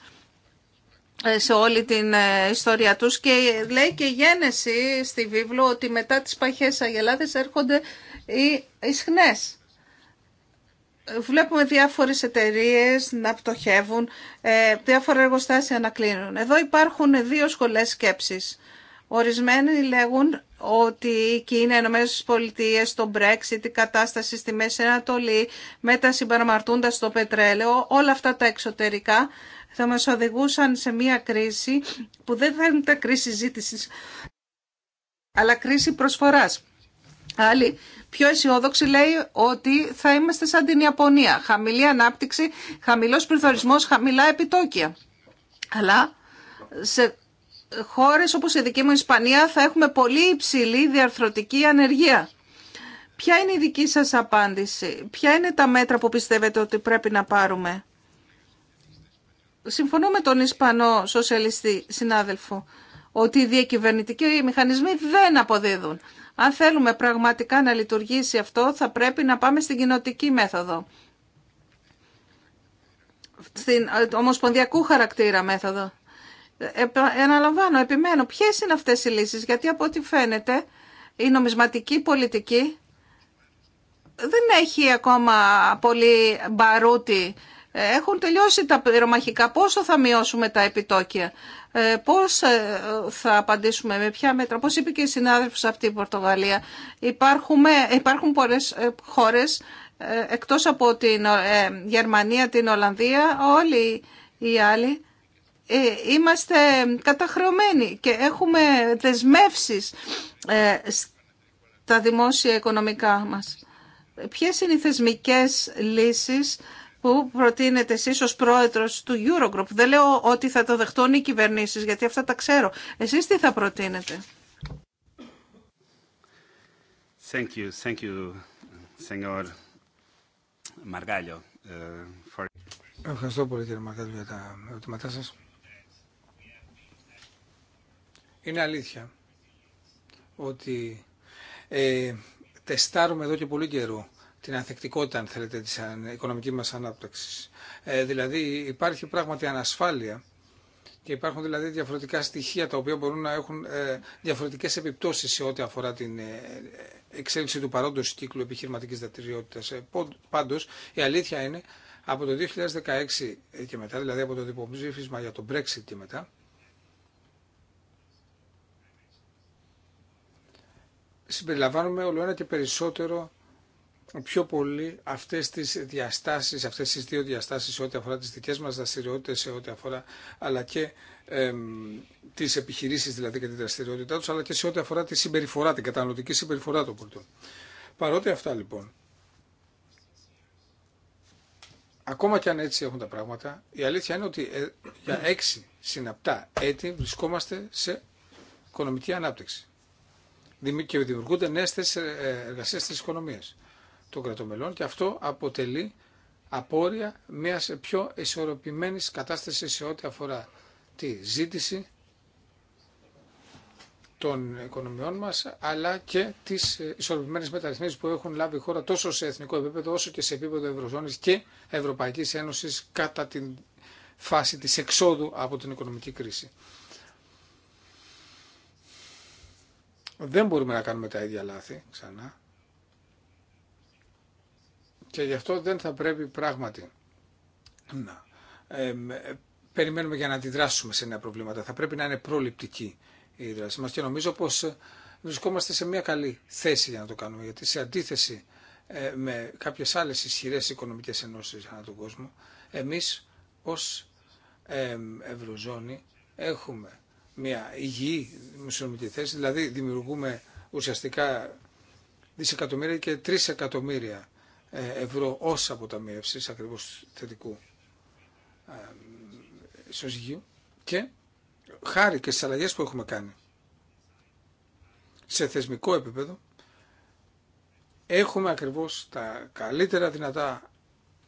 ε, σε όλη την ε, ιστορία τους και λέει και η γένεση στη βίβλο ότι μετά τις παχές αγελάδες έρχονται οι ισχνές. Βλέπουμε διάφορες εταιρείες να πτωχεύουν, διάφορα εργοστάσια να κλείνουν. Εδώ υπάρχουν δύο σχολές σκέψης. Ορισμένοι λέγουν ότι η Κίνα, οι Ηνωμένες Πολιτείες, το Brexit, η κατάσταση στη Μέση Ανατολή, συμπαραμαρτούντα το πετρέλαιο, όλα αυτά τα εξωτερικά θα μας οδηγούσαν σε μια κρίση που δεν θα είναι τα κρίση ζήτησης, αλλά κρίση προσφοράς. Άλλοι πιο αισιόδοξη λέει ότι θα είμαστε σαν την Ιαπωνία. Χαμηλή ανάπτυξη, χαμηλός πληθωρισμός, χαμηλά επιτόκια. Αλλά σε χώρες όπως η δική μου Ισπανία θα έχουμε πολύ υψηλή διαρθρωτική ανεργία. Ποια είναι η δική σας απάντηση, ποια είναι τα μέτρα που πιστεύετε ότι πρέπει να πάρουμε. Συμφωνώ με τον Ισπανό σοσιαλιστή συνάδελφο ότι οι διακυβερνητικοί μηχανισμοί δεν αποδίδουν. Αν θέλουμε πραγματικά να λειτουργήσει αυτό θα πρέπει να πάμε στην κοινοτική μέθοδο. Στην ε, ομοσπονδιακού χαρακτήρα μέθοδο. Εναλαμβάνω, επιμένω, ποιε είναι αυτές οι λύσεις, γιατί από ό,τι φαίνεται η νομισματική πολιτική δεν έχει ακόμα πολύ μπαρούτι. Έχουν τελειώσει τα πυρομαχικά. Πόσο θα μειώσουμε τα επιτόκια, ε, πώς ε, θα απαντήσουμε, με ποια μέτρα. Πώς είπε και η συνάδελφος αυτή η Πορτογαλία, Υπάρχουμε, υπάρχουν πολλές ε, χώρες εκτός από την Γερμανία, την Ολλανδία, όλοι οι άλλοι ε, είμαστε καταχρεωμένοι και έχουμε δεσμεύσεις ε, στα δημόσια οικονομικά μας. Ποιες είναι οι θεσμικές λύσεις που προτείνετε εσείς ως πρόεδρος του Eurogroup. Δεν λέω ότι θα το δεχτούν οι κυβερνήσεις, γιατί αυτά τα ξέρω. Εσείς τι θα προτείνετε. Thank you, thank you, senor Margallo, uh, for... Ευχαριστώ πολύ κύριε Μαργκάλιο, για τα ερωτήματά σας. Είναι αλήθεια ότι ε, τεστάρουμε εδώ και πολύ καιρό την ανθεκτικότητα, αν θέλετε, της οικονομικής μας ανάπτυξης. Ε, δηλαδή υπάρχει πράγματι ανασφάλεια και υπάρχουν δηλαδή διαφορετικά στοιχεία τα οποία μπορούν να έχουν ε, διαφορετικές επιπτώσεις σε ό,τι αφορά την ε, εξέλιξη του παρόντος κύκλου επιχειρηματικής δραστηριότητας. Πάντως, η αλήθεια είναι, από το 2016 και μετά, δηλαδή από το διπομψήφισμα για το Brexit και μετά, συμπεριλαμβάνουμε όλο ένα και περισσότερο πιο πολύ αυτές τις διαστάσεις, αυτές τις δύο διαστάσεις σε ό,τι αφορά τις δικές μας δραστηριότητες, αλλά και ε, τις επιχειρήσεις δηλαδή και τη δραστηριότητά τους, αλλά και σε ό,τι αφορά τη συμπεριφορά, την καταναλωτική συμπεριφορά των πολιτών. Παρότι αυτά λοιπόν, ακόμα κι αν έτσι έχουν τα πράγματα, η αλήθεια είναι ότι ε, για έξι συναπτά έτη βρισκόμαστε σε οικονομική ανάπτυξη και δημιουργούνται νέε θέσει ε, εργασία τη οικονομία των κρατομελών και αυτό αποτελεί απόρρια μια πιο ισορροπημένη κατάσταση σε ό,τι αφορά τη ζήτηση των οικονομιών μας αλλά και τις ε, ισορροπημένες μεταρρυθμίσεις που έχουν λάβει η χώρα τόσο σε εθνικό επίπεδο όσο και σε επίπεδο Ευρωζώνης και Ευρωπαϊκής Ένωσης κατά την φάση της εξόδου από την οικονομική κρίση. Δεν μπορούμε να κάνουμε τα ίδια λάθη ξανά. Και γι' αυτό δεν θα πρέπει πράγματι να ε, περιμένουμε για να αντιδράσουμε σε νέα προβλήματα. Θα πρέπει να είναι προληπτική η δράση μας και νομίζω πως ε, βρισκόμαστε σε μια καλή θέση για να το κάνουμε. Γιατί σε αντίθεση ε, με κάποιες άλλες ισχυρές οικονομικές ενώσεις ανά τον κόσμο, εμείς ως ε, Ευρωζώνη έχουμε μια υγιή δημοσιονομική θέση, δηλαδή δημιουργούμε ουσιαστικά δισεκατομμύρια και τρεις εκατομμύρια ε, ευρώ ως αποταμιεύσεις ακριβώς θετικού ε, ισοζυγίου και χάρη και στις αλλαγές που έχουμε κάνει σε θεσμικό επίπεδο έχουμε ακριβώς τα καλύτερα δυνατά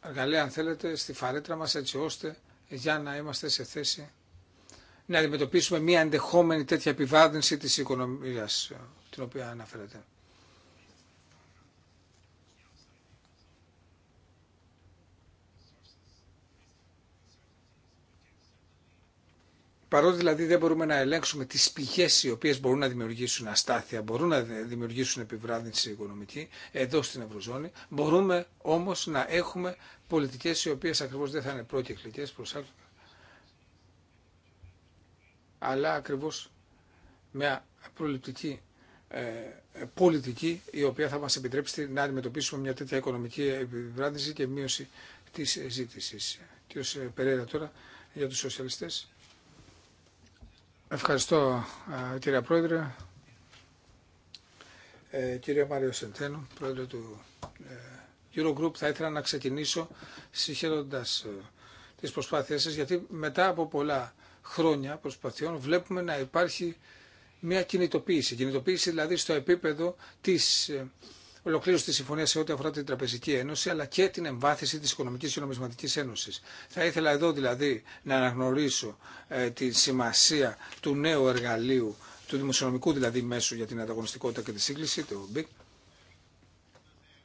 εργαλεία αν θέλετε στη φαρέτρα μας έτσι ώστε για να είμαστε σε θέση να αντιμετωπίσουμε μια ενδεχόμενη τέτοια επιβάδυνση της οικονομίας ε, την οποία αναφέρεται. Παρότι δηλαδή δεν μπορούμε να ελέγξουμε τις πηγές οι οποίες μπορούν να δημιουργήσουν αστάθεια, μπορούν να δημιουργήσουν επιβράδυνση οικονομική εδώ στην Ευρωζώνη, μπορούμε όμως να έχουμε πολιτικές οι οποίες ακριβώς δεν θα είναι προκυκλικές προς άλλους αλλά ακριβώς μια προληπτική ε, πολιτική η οποία θα μας επιτρέψει να αντιμετωπίσουμε μια τέτοια οικονομική επιβράδυνση και μείωση της ζήτησης. Κύριο ε, Περέρα τώρα για τους σοσιαλιστές. Ευχαριστώ ε, κύριε Πρόεδρε. Ε, κύριε Μάριο Σεντένο, Πρόεδρε του Eurogroup, θα ήθελα να ξεκινήσω συγχαίροντας τις προσπάθειές σας γιατί μετά από πολλά χρόνια προσπαθειών βλέπουμε να υπάρχει μια κινητοποίηση. Κινητοποίηση δηλαδή στο επίπεδο της ε, ολοκλήρωση τη συμφωνία σε ό,τι αφορά την Τραπεζική Ένωση, αλλά και την εμβάθυνση τη Οικονομική και Νομισματική Ένωση. Θα ήθελα εδώ δηλαδή να αναγνωρίσω ε, τη σημασία του νέου εργαλείου, του δημοσιονομικού δηλαδή μέσου για την ανταγωνιστικότητα και τη σύγκληση, το BIC,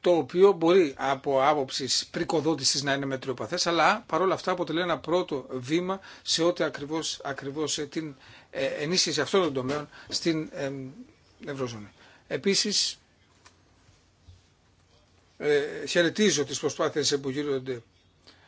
το οποίο μπορεί από άποψη πρικοδότηση να είναι μετριοπαθέ, αλλά παρόλα αυτά αποτελεί ένα πρώτο βήμα σε ό,τι ακριβώ ακριβώς, ε, την ε, ενίσχυση αυτών των τομέων στην Ευρωζώνη. Επίση, ε, χαιρετίζω τι προσπάθειε που γίνονται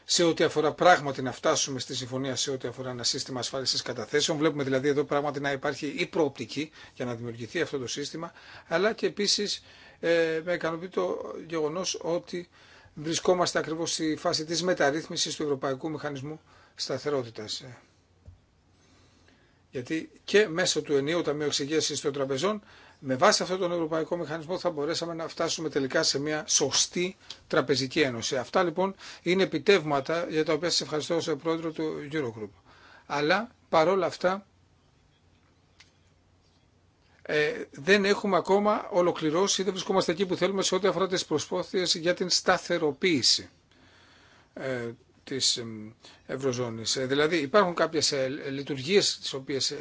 σε ό,τι αφορά πράγματι να φτάσουμε στη συμφωνία σε ό,τι αφορά ένα σύστημα ασφάλιση καταθέσεων. Βλέπουμε δηλαδή εδώ πράγματι να υπάρχει η προοπτική για να δημιουργηθεί αυτό το σύστημα, αλλά και επίση ε, με ικανοποιεί το γεγονό ότι βρισκόμαστε ακριβώς στη φάση της μεταρρύθμισης του Ευρωπαϊκού Μηχανισμού Σταθερότητας. Ε, γιατί και μέσω του ενίου Ταμείου Εξηγήσεω των Τραπεζών, με βάση αυτόν τον Ευρωπαϊκό Μηχανισμό θα μπορέσαμε να φτάσουμε τελικά σε μια σωστή τραπεζική ένωση. Αυτά λοιπόν είναι επιτεύγματα για τα οποία σα ευχαριστώ ω πρόεδρο του Eurogroup. Αλλά παρόλα αυτά ε, δεν έχουμε ακόμα ολοκληρώσει, δεν βρισκόμαστε εκεί που θέλουμε σε ό,τι αφορά τις προσπάθειες για την σταθεροποίηση ε, της Ευρωζώνης. Ε, δηλαδή υπάρχουν κάποιες λειτουργίες τις οποίες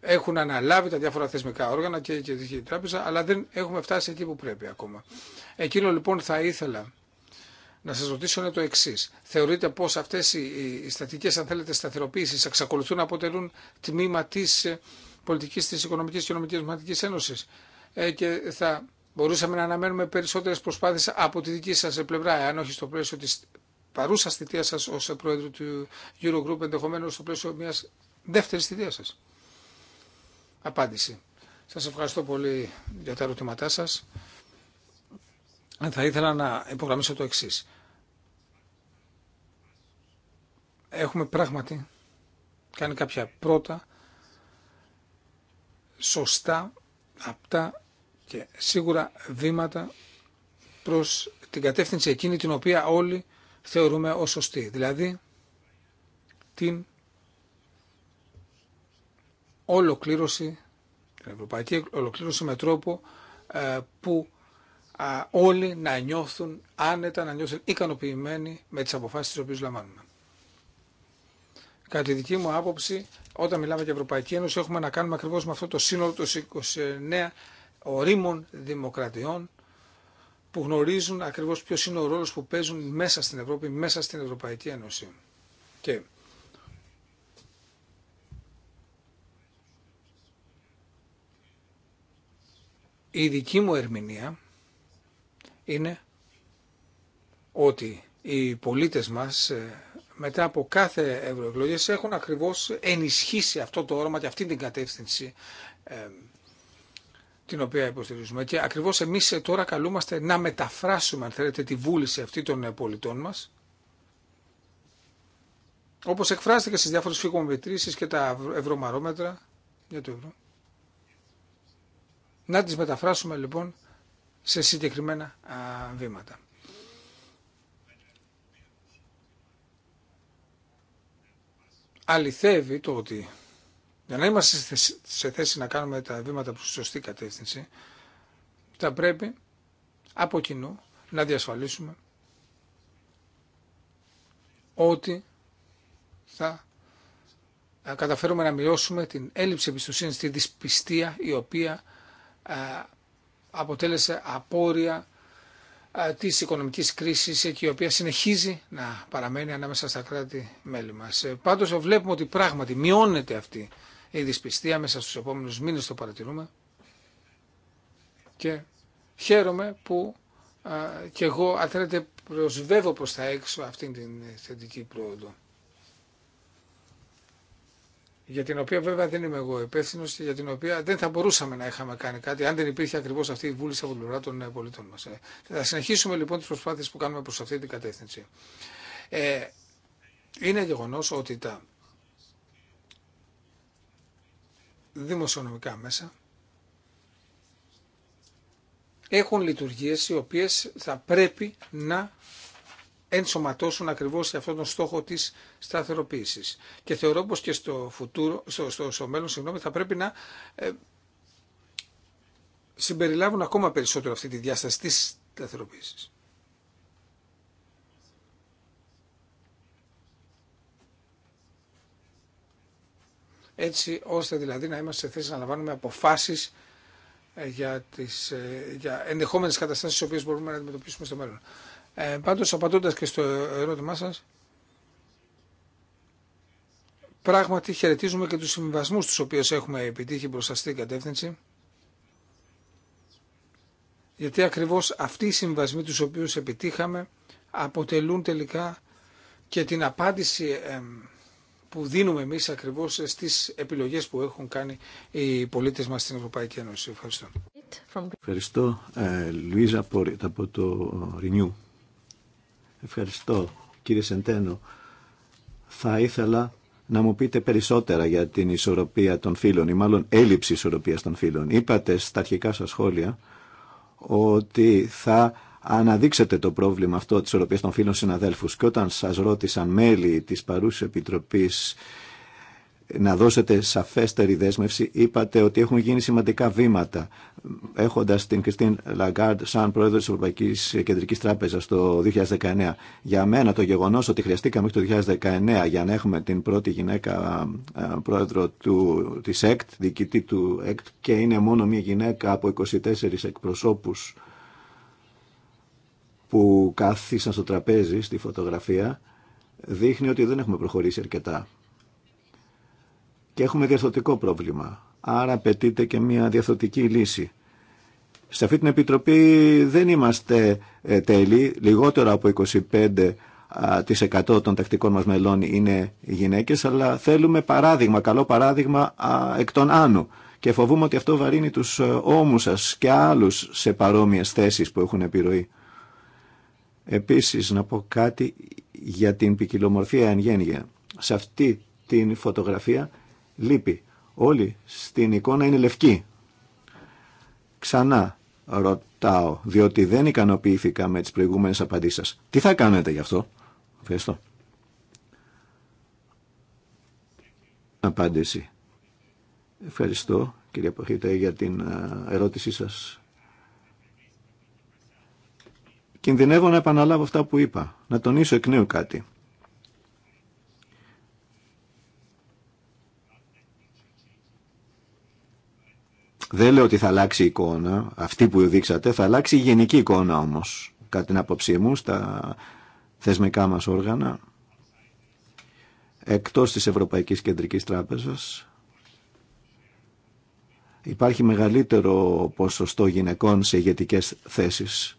έχουν αναλάβει τα διάφορα θεσμικά όργανα και, και η Τράπεζα, αλλά δεν έχουμε φτάσει εκεί που πρέπει ακόμα. Εκείνο λοιπόν θα ήθελα να σας ρωτήσω είναι το εξή. Θεωρείτε πως αυτές οι στατικές, αν θέλετε, σταθεροποίησεις εξακολουθούν να αποτελούν τμήμα της πολιτικής της Οικονομικής και Νομικής Ένωσης ε, και θα μπορούσαμε να αναμένουμε περισσότερες προσπάθειες από τη δική σας πλευρά, αν όχι στο πλαίσιο της παρούσας θητείας σας ως πρόεδρο του Eurogroup, ενδεχομένως στο πλαίσιο μιας δεύτερης θητείας σας. Απάντηση. Σας ευχαριστώ πολύ για τα ερωτήματά σας. Θα ήθελα να υπογραμμίσω το εξή. Έχουμε πράγματι κάνει κάποια πρώτα σωστά, απτά και σίγουρα βήματα προς την κατεύθυνση εκείνη την οποία όλοι θεωρούμε ως σωστή. Δηλαδή την ολοκλήρωση, την ευρωπαϊκή ολοκλήρωση με τρόπο ε, που όλοι να νιώθουν άνετα, να νιώθουν ικανοποιημένοι με τις αποφάσεις τις οποίες λαμβάνουμε κατά τη δική μου άποψη, όταν μιλάμε για Ευρωπαϊκή Ένωση, έχουμε να κάνουμε ακριβώς με αυτό το σύνολο των 29 ορίμων δημοκρατιών που γνωρίζουν ακριβώς ποιο είναι ο ρόλος που παίζουν μέσα στην Ευρώπη, μέσα στην Ευρωπαϊκή Ένωση. Και η δική μου ερμηνεία είναι ότι οι πολίτες μας ε, μετά από κάθε ευρωεκλογέ έχουν ακριβώς ενισχύσει αυτό το όραμα και αυτή την κατεύθυνση ε, την οποία υποστηρίζουμε. Και ακριβώς εμείς τώρα καλούμαστε να μεταφράσουμε, αν θέλετε, τη βούληση αυτή των πολιτών μας, όπως εκφράστηκε στις διάφορες φυγομετρήσεις και τα ευρωμαρόμετρα για το ευρώ. Να τις μεταφράσουμε λοιπόν σε συγκεκριμένα βήματα. αληθεύει το ότι για να είμαστε σε θέση να κάνουμε τα βήματα προς τη σωστή κατεύθυνση, θα πρέπει από κοινού να διασφαλίσουμε ότι θα ε, καταφέρουμε να μειώσουμε την έλλειψη εμπιστοσύνη στη δυσπιστία η οποία ε, αποτέλεσε απόρρια Τη οικονομική κρίση και η οποία συνεχίζει να παραμένει ανάμεσα στα κράτη-μέλη μας. Ε, πάντως βλέπουμε ότι πράγματι μειώνεται αυτή η δυσπιστία μέσα στους επόμενους μήνες το παρατηρούμε και χαίρομαι που και εγώ αν θέλετε προσβεύω προς τα έξω αυτήν την θετική πρόοδο για την οποία βέβαια δεν είμαι εγώ υπεύθυνο και για την οποία δεν θα μπορούσαμε να είχαμε κάνει κάτι αν δεν υπήρχε ακριβώ αυτή η βούληση από την πλευρά των ε, πολιτών μα. Ε, θα συνεχίσουμε λοιπόν τι προσπάθειε που κάνουμε προ αυτή την κατεύθυνση. Ε, είναι γεγονό ότι τα δημοσιονομικά μέσα έχουν λειτουργίες οι οποίες θα πρέπει να ενσωματώσουν ακριβώς σε αυτόν τον στόχο της σταθεροποίησης. Και θεωρώ πως και στο, φουτούρο, στο, στο, μέλλον συγγνώμη, θα πρέπει να ε, συμπεριλάβουν ακόμα περισσότερο αυτή τη διάσταση της σταθεροποίησης. έτσι ώστε δηλαδή να είμαστε σε θέση να λαμβάνουμε αποφάσεις ε, για, τις, ε, για ενδεχόμενες καταστάσεις τις οποίες μπορούμε να αντιμετωπίσουμε στο μέλλον. Ε, πάντως απαντώντας και στο ερώτημά σας, πράγματι χαιρετίζουμε και του συμβασμούς του οποίους έχουμε επιτύχει μπροστά στην κατεύθυνση. Γιατί ακριβώ αυτοί οι συμβασμοί τους οποίους επιτύχαμε αποτελούν τελικά και την απάντηση που δίνουμε εμείς ακριβώς στις επιλογές που έχουν κάνει οι πολίτες μας στην Ευρωπαϊκή Ένωση. Ευχαριστώ. Ευχαριστώ. Ε, Λουίζα Λουίζα από το Renew. Ευχαριστώ κύριε Σεντένο. Θα ήθελα να μου πείτε περισσότερα για την ισορροπία των φύλων ή μάλλον έλλειψη ισορροπίας των φύλων. Είπατε στα αρχικά σας σχόλια ότι θα αναδείξετε το πρόβλημα αυτό της ισορροπίας των φύλων συναδέλφους και όταν σας ρώτησαν μέλη της παρούσης επιτροπής να δώσετε σαφέστερη δέσμευση. Είπατε ότι έχουν γίνει σημαντικά βήματα έχοντας την Κριστίν Λαγκάρντ σαν πρόεδρο της Ευρωπαϊκής Κεντρικής Τράπεζας το 2019. Για μένα το γεγονός ότι χρειαστήκαμε το 2019 για να έχουμε την πρώτη γυναίκα ε, πρόεδρο του, της ΕΚΤ, διοικητή του ΕΚΤ και είναι μόνο μια γυναίκα από 24 εκπροσώπους που κάθισαν στο τραπέζι στη φωτογραφία δείχνει ότι δεν έχουμε προχωρήσει αρκετά και έχουμε διαθωτικό πρόβλημα. Άρα απαιτείται και μια διαθωτική λύση. Σε αυτή την Επιτροπή δεν είμαστε ε, τέλειοι. Λιγότερο από 25% ε, των τακτικών μας μελών είναι γυναίκες, αλλά θέλουμε παράδειγμα, καλό παράδειγμα εκ των άνω. Και φοβούμαι ότι αυτό βαρύνει τους ε, ώμους σας και άλλους σε παρόμοιες θέσεις που έχουν επιρροή. Επίσης, να πω κάτι για την ποικιλομορφία εν γένεια. Σε αυτή την φωτογραφία λείπει. Όλοι στην εικόνα είναι λευκοί. Ξανά ρωτάω, διότι δεν ικανοποιήθηκα με τις προηγούμενες απαντήσεις σας. Τι θα κάνετε γι' αυτό. Ευχαριστώ. Απάντηση. Ευχαριστώ κύριε Ποχήτα, για την ερώτησή σας. Κινδυνεύω να επαναλάβω αυτά που είπα, να τονίσω εκ νέου κάτι. Δεν λέω ότι θα αλλάξει η εικόνα, αυτή που δείξατε, θα αλλάξει η γενική εικόνα όμως, κατά την άποψή μου, στα θεσμικά μας όργανα, εκτός της Ευρωπαϊκής Κεντρικής Τράπεζας. Υπάρχει μεγαλύτερο ποσοστό γυναικών σε ηγετικέ θέσεις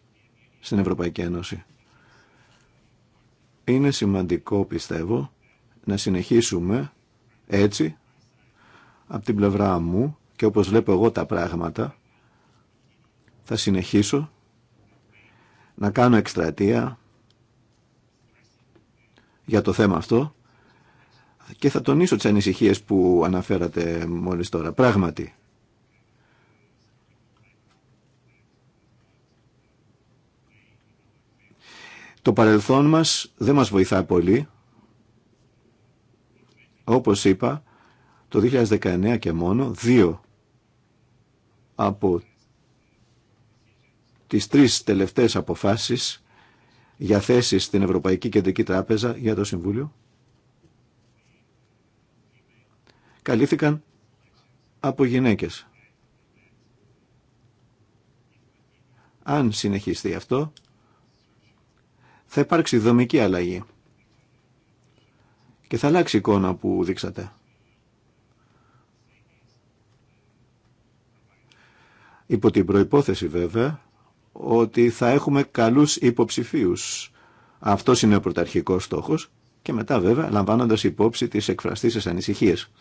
στην Ευρωπαϊκή Ένωση. Είναι σημαντικό, πιστεύω, να συνεχίσουμε έτσι, από την πλευρά μου, και όπως βλέπω εγώ τα πράγματα θα συνεχίσω να κάνω εκστρατεία για το θέμα αυτό και θα τονίσω τις ανησυχίες που αναφέρατε μόλις τώρα. Πράγματι, το παρελθόν μας δεν μας βοηθά πολύ. Όπως είπα, το 2019 και μόνο δύο από τις τρεις τελευταίες αποφάσεις για θέσεις στην Ευρωπαϊκή Κεντρική Τράπεζα για το Συμβούλιο καλύφθηκαν από γυναίκες. Αν συνεχιστεί αυτό, θα υπάρξει δομική αλλαγή και θα αλλάξει η εικόνα που δείξατε. Υπό την προϋπόθεση βέβαια ότι θα έχουμε καλούς υποψηφίους. Αυτός είναι ο πρωταρχικός στόχος και μετά βέβαια λαμβάνοντας υπόψη τις εκφραστήσεις ανησυχίες.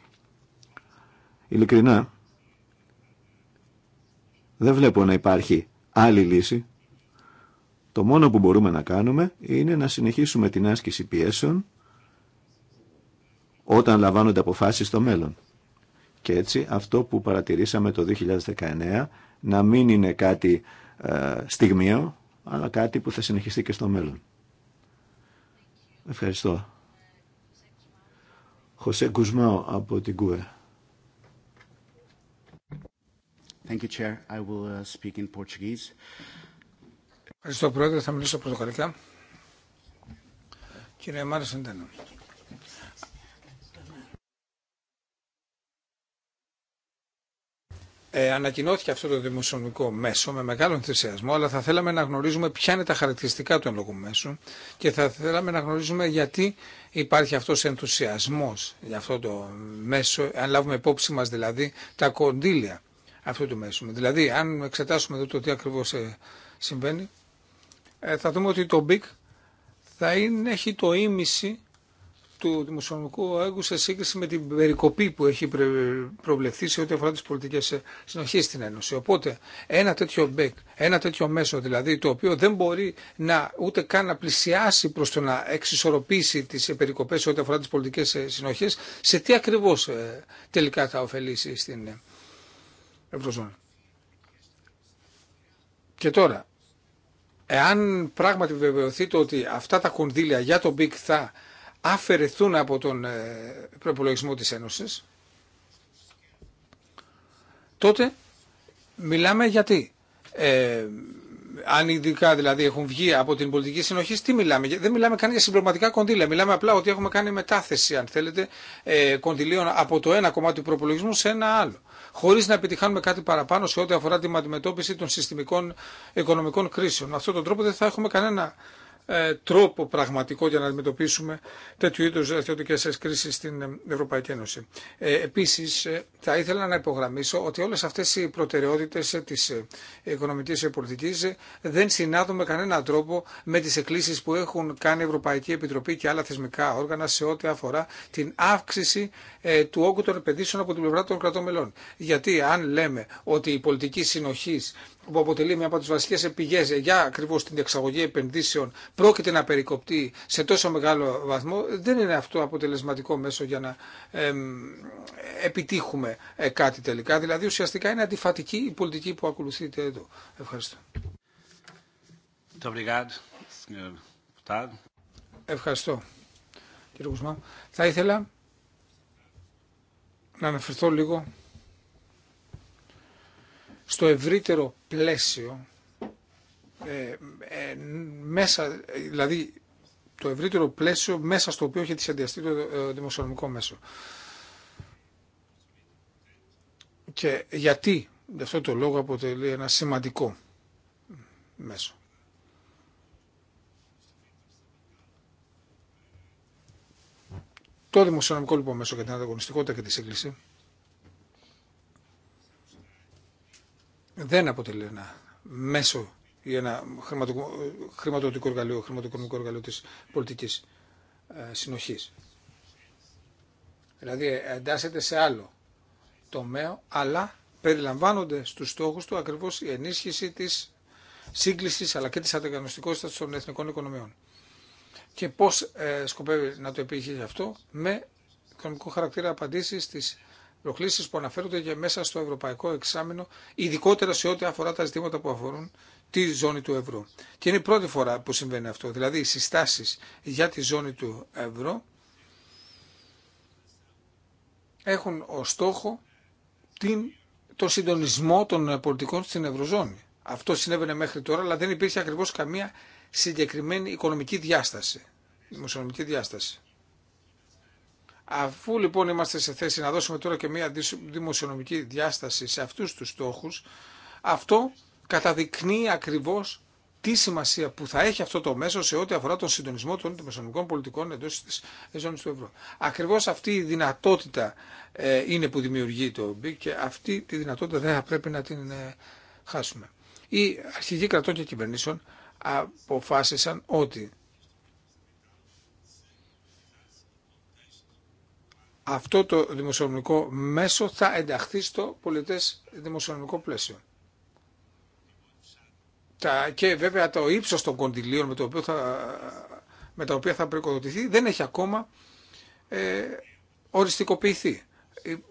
Ειλικρινά, δεν βλέπω να υπάρχει άλλη λύση. Το μόνο που μπορούμε να κάνουμε είναι να συνεχίσουμε την άσκηση πιέσεων όταν λαμβάνονται αποφάσεις στο μέλλον. Και έτσι αυτό που παρατηρήσαμε το 2019 να μην είναι κάτι ε, στιγμίο, αλλά κάτι που θα συνεχιστεί και στο μέλλον. Ευχαριστώ. Χωσέ Κουσμάου από την ΚΟΕ. Thank you, Chair. I will uh, speak in Portuguese. Ευχαριστώ, Πρόεδρε. Θα μιλήσω πρωτοκαλικά. Κύριε Μάρα Σεντένο. Ε, ανακοινώθηκε αυτό το δημοσιονομικό μέσο με μεγάλο ενθουσιασμό, αλλά θα θέλαμε να γνωρίζουμε ποια είναι τα χαρακτηριστικά του εν λόγω μέσου και θα θέλαμε να γνωρίζουμε γιατί υπάρχει αυτός ενθουσιασμός για αυτό το μέσο, αν λάβουμε υπόψη μα δηλαδή τα κονδύλια αυτού του μέσου. Δηλαδή, αν εξετάσουμε εδώ το τι ακριβώς ε, συμβαίνει, ε, θα δούμε ότι το BIC θα είναι, έχει το ίμιση του δημοσιονομικού έργου σε σύγκριση με την περικοπή που έχει προβλεφθεί σε ό,τι αφορά τι πολιτικές ε, συνοχές στην Ένωση. Οπότε ένα τέτοιο ΜΠΕΚ, ένα τέτοιο μέσο δηλαδή το οποίο δεν μπορεί να ούτε καν να πλησιάσει προ το να εξισορροπήσει τι ε, περικοπές σε ό,τι αφορά τι πολιτικέ ε, συνοχέ, σε τι ακριβώ τελικά θα ωφελήσει στην Ευρωζώνη. Και τώρα, εάν πράγματι βεβαιωθείτε ότι αυτά τα κονδύλια για το BIC θα αφαιρεθούν από τον ε, προπολογισμό της Ένωσης, τότε μιλάμε γιατί. Ε, αν ειδικά δηλαδή έχουν βγει από την πολιτική συνοχή, τι μιλάμε. Δεν μιλάμε καν για συμπληρωματικά κονδύλια. Μιλάμε απλά ότι έχουμε κάνει μετάθεση, αν θέλετε, ε, κονδυλίων από το ένα κομμάτι του προπολογισμού σε ένα άλλο. Χωρί να επιτυχάνουμε κάτι παραπάνω σε ό,τι αφορά την αντιμετώπιση των συστημικών οικονομικών κρίσεων. Με αυτόν τον τρόπο δεν θα έχουμε κανένα ε, τρόπο πραγματικό για να αντιμετωπίσουμε τέτοιου είδου δραστηριότητε κρίσει στην Ευρωπαϊκή Ένωση. Ε, Επίση, ε, θα ήθελα να υπογραμμίσω ότι όλε αυτέ οι προτεραιότητε τη οικονομική πολιτική δεν συνάδουν με κανέναν τρόπο με τι εκκλήσει που έχουν κάνει η Ευρωπαϊκή Επιτροπή και άλλα θεσμικά όργανα σε ό,τι αφορά την αύξηση του όγκου των επενδύσεων από την πλευρά των κρατών μελών. Γιατί αν λέμε ότι η πολιτική συνοχή που αποτελεί μια από τι βασικέ πηγέ για ακριβώ την εξαγωγή επενδύσεων, πρόκειται να περικοπτεί σε τόσο μεγάλο βαθμό, δεν είναι αυτό αποτελεσματικό μέσο για να επιτύχουμε ε, κάτι τελικά. Δηλαδή ουσιαστικά είναι αντιφατική η πολιτική που ακολουθείται εδώ. Ευχαριστώ. Ευχαριστώ. Κύριε Κουσμά. Θα ήθελα να αναφερθώ λίγο στο ευρύτερο πλαίσιο, ε, ε, μέσα, δηλαδή το ευρύτερο πλαίσιο μέσα στο οποίο έχει συνδυαστεί το ε, δημοσιονομικό μέσο. Και γιατί γι' αυτό το λόγο αποτελεί ένα σημαντικό μέσο. Το δημοσιονομικό λοιπόν μέσο για την ανταγωνιστικότητα και τη σύγκληση δεν αποτελεί ένα μέσο ή ένα χρηματοδοτικό εργαλείο, χρηματοοικονομικό εργαλείο της πολιτικής ε, συνοχής. Δηλαδή ε, εντάσσεται σε άλλο τομέα, αλλά περιλαμβάνονται στους στόχους του ακριβώς η ενίσχυση της σύγκλησης αλλά και της ανταγωνιστικότητας των εθνικών οικονομιών. Και πώς ε, σκοπεύει να το επιχείρει αυτό με οικονομικό χαρακτήρα απαντήσεις στις προκλήσει που αναφέρονται και μέσα στο ευρωπαϊκό εξάμεινο, ειδικότερα σε ό,τι αφορά τα ζητήματα που αφορούν τη ζώνη του ευρώ. Και είναι η πρώτη φορά που συμβαίνει αυτό, δηλαδή οι συστάσεις για τη ζώνη του ευρώ έχουν ως στόχο την, το συντονισμό των πολιτικών στην Ευρωζώνη. Αυτό συνέβαινε μέχρι τώρα, αλλά δεν υπήρχε ακριβώς καμία συγκεκριμένη οικονομική διάσταση, δημοσιονομική διάσταση. Αφού λοιπόν είμαστε σε θέση να δώσουμε τώρα και μια δημοσιονομική διάσταση σε αυτούς τους στόχους, αυτό καταδεικνύει ακριβώς τι σημασία που θα έχει αυτό το μέσο σε ό,τι αφορά τον συντονισμό των δημοσιονομικών πολιτικών εντό τη ζώνη του ευρώ. Ακριβώ αυτή η δυνατότητα ε, είναι που δημιουργεί το ΟΜΠΙ και αυτή τη δυνατότητα δεν θα πρέπει να την ε, χάσουμε. Οι αρχηγοί κρατών και κυβερνήσεων αποφάσισαν ότι αυτό το δημοσιονομικό μέσο θα ενταχθεί στο πολιτές δημοσιονομικό πλαίσιο. Και βέβαια το ύψος των κοντιλίων με, το θα, με τα οποία θα προοικοδοτηθεί δεν έχει ακόμα ε, οριστικοποιηθεί.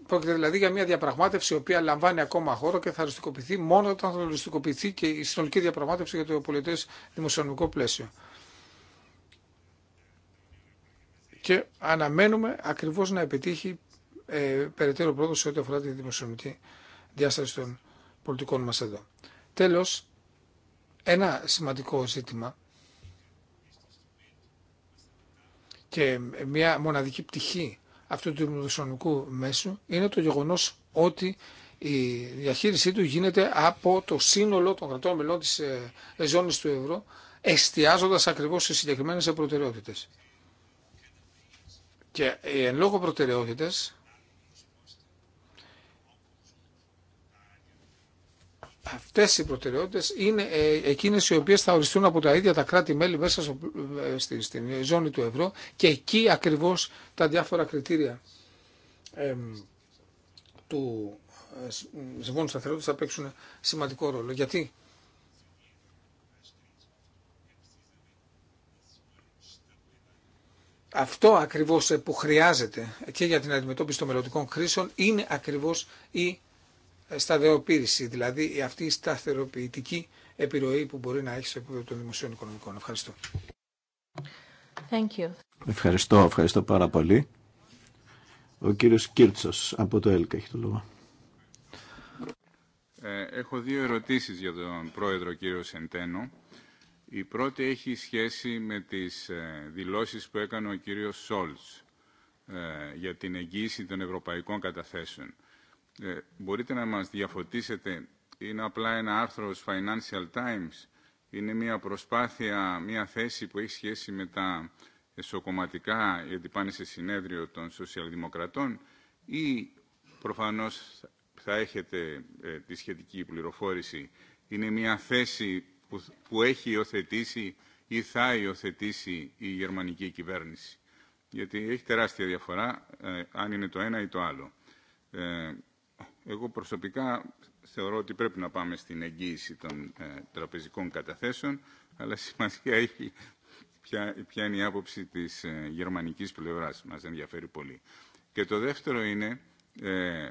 Πρόκειται δηλαδή για μια διαπραγμάτευση η οποία λαμβάνει ακόμα χώρο και θα οριστικοποιηθεί μόνο όταν θα οριστικοποιηθεί και η συνολική διαπραγμάτευση για το πολιτέ δημοσιονομικό πλαίσιο. και αναμένουμε ακριβώς να επιτύχει ε, περαιτέρω πρόοδο ό,τι αφορά τη δημοσιονομική διάσταση των πολιτικών μας εδώ. Τέλος, ένα σημαντικό ζήτημα και μια μοναδική πτυχή αυτού του δημοσιονομικού μέσου είναι το γεγονός ότι η διαχείρισή του γίνεται από το σύνολο των κρατών μελών της ε, ζώνης του ευρώ εστιάζοντας ακριβώς σε συγκεκριμένες προτεραιότητες. Και ε, εν λόγω προτεραιότητες αυτές οι προτεραιότητες είναι ε, εκείνες οι οποίες θα οριστούν από τα ίδια τα κράτη-μέλη μέσα ε, στη, στην ζώνη του ευρώ και εκεί ακριβώς τα διάφορα κριτήρια του ζευγόνου Σταθερότητας θα παίξουν σημαντικό ρόλο. Γιατί αυτό ακριβώς ε, που χρειάζεται και για την αντιμετώπιση των μελλοντικών κρίσεων είναι ακριβώς η ε, σταθεροποίηση, δηλαδή αυτή η σταθεροποιητική επιρροή που μπορεί να έχει σε επίπεδο των δημοσίων οικονομικών. Ευχαριστώ. Thank you. Ευχαριστώ, ευχαριστώ πάρα πολύ. Ο κύριος Κίρτσος από το ΕΛΚΑ έχει το λόγο. Ε, έχω δύο ερωτήσεις για τον πρόεδρο κύριο Σεντένο. Η πρώτη έχει σχέση με τις ε, δηλώσεις που έκανε ο κύριος Σόλτς ε, για την εγγύηση των ευρωπαϊκών καταθέσεων. Ε, μπορείτε να μας διαφωτίσετε, είναι απλά ένα άρθρο Financial Times, είναι μια προσπάθεια, μια θέση που έχει σχέση με τα εσωκομματικά, γιατί πάνε σε συνέδριο των σοσιαλδημοκρατών, ή προφανώς θα έχετε τη σχετική πληροφόρηση. Είναι μια θέση που, έχει υιοθετήσει ή θα υιοθετήσει η γερμανική κυβέρνηση. Γιατί έχει τεράστια διαφορά ε, αν είναι το ένα ή το άλλο. Ε, εγώ προσωπικά θεωρώ ότι πρέπει να πάμε στην εγγύηση των ε, τραπεζικών καταθέσεων, αλλά σημασία έχει ποια, είναι η άποψη της ε, γερμανικής πλευράς. Μας ενδιαφέρει πολύ. Και το δεύτερο είναι, ε,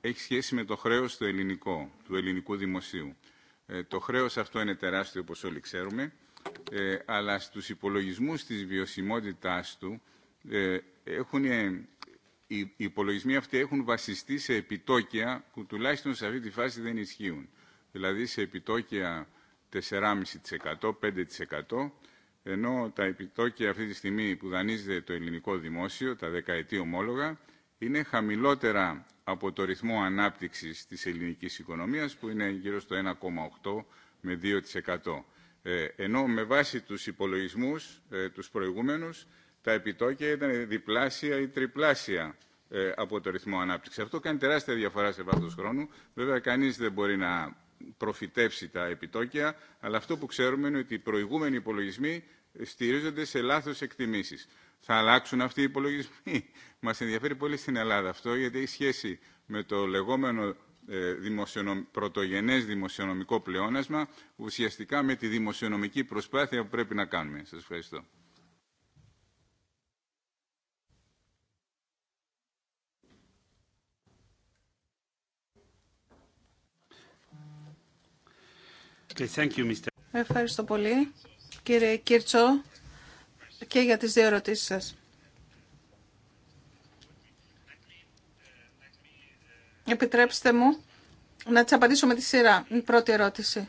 έχει σχέση με το χρέος του ελληνικό, του ελληνικού δημοσίου. Ε, το χρέος αυτό είναι τεράστιο όπως όλοι ξέρουμε, ε, αλλά στους υπολογισμούς της βιωσιμότητάς του ε, έχουν, οι υπολογισμοί αυτοί έχουν βασιστεί σε επιτόκια που τουλάχιστον σε αυτή τη φάση δεν ισχύουν. Δηλαδή σε επιτόκια 4,5%, 5%, ενώ τα επιτόκια αυτή τη στιγμή που δανείζεται το ελληνικό δημόσιο, τα δεκαετή ομόλογα, είναι χαμηλότερα από το ρυθμό ανάπτυξης της ελληνικής οικονομίας που είναι γύρω στο 1,8 με 2%. Ε, ενώ με βάση τους υπολογισμούς ε, τους προηγούμενους τα επιτόκια ήταν διπλάσια ή τριπλάσια ε, από το ρυθμό ανάπτυξης. Αυτό κάνει τεράστια διαφορά σε βάθος χρόνου. Βέβαια κανείς δεν μπορεί να προφητεύσει τα επιτόκια αλλά αυτό που ξέρουμε είναι ότι οι προηγούμενοι υπολογισμοί στηρίζονται σε λάθος εκτιμήσεις θα αλλάξουν αυτοί οι υπολογισμοί. *laughs* Μας ενδιαφέρει πολύ στην Ελλάδα αυτό, γιατί έχει σχέση με το λεγόμενο ε, δημοσιονομ... πρωτογενές δημοσιονομικό πλεόνασμα, ουσιαστικά με τη δημοσιονομική προσπάθεια που πρέπει να κάνουμε. Σας ευχαριστώ. Ευχαριστώ πολύ. Κύριε Κίρτσο, και για τις δύο ερωτήσεις σας. Επιτρέψτε μου να τις απαντήσω με τη σειρά. Η πρώτη ερώτηση.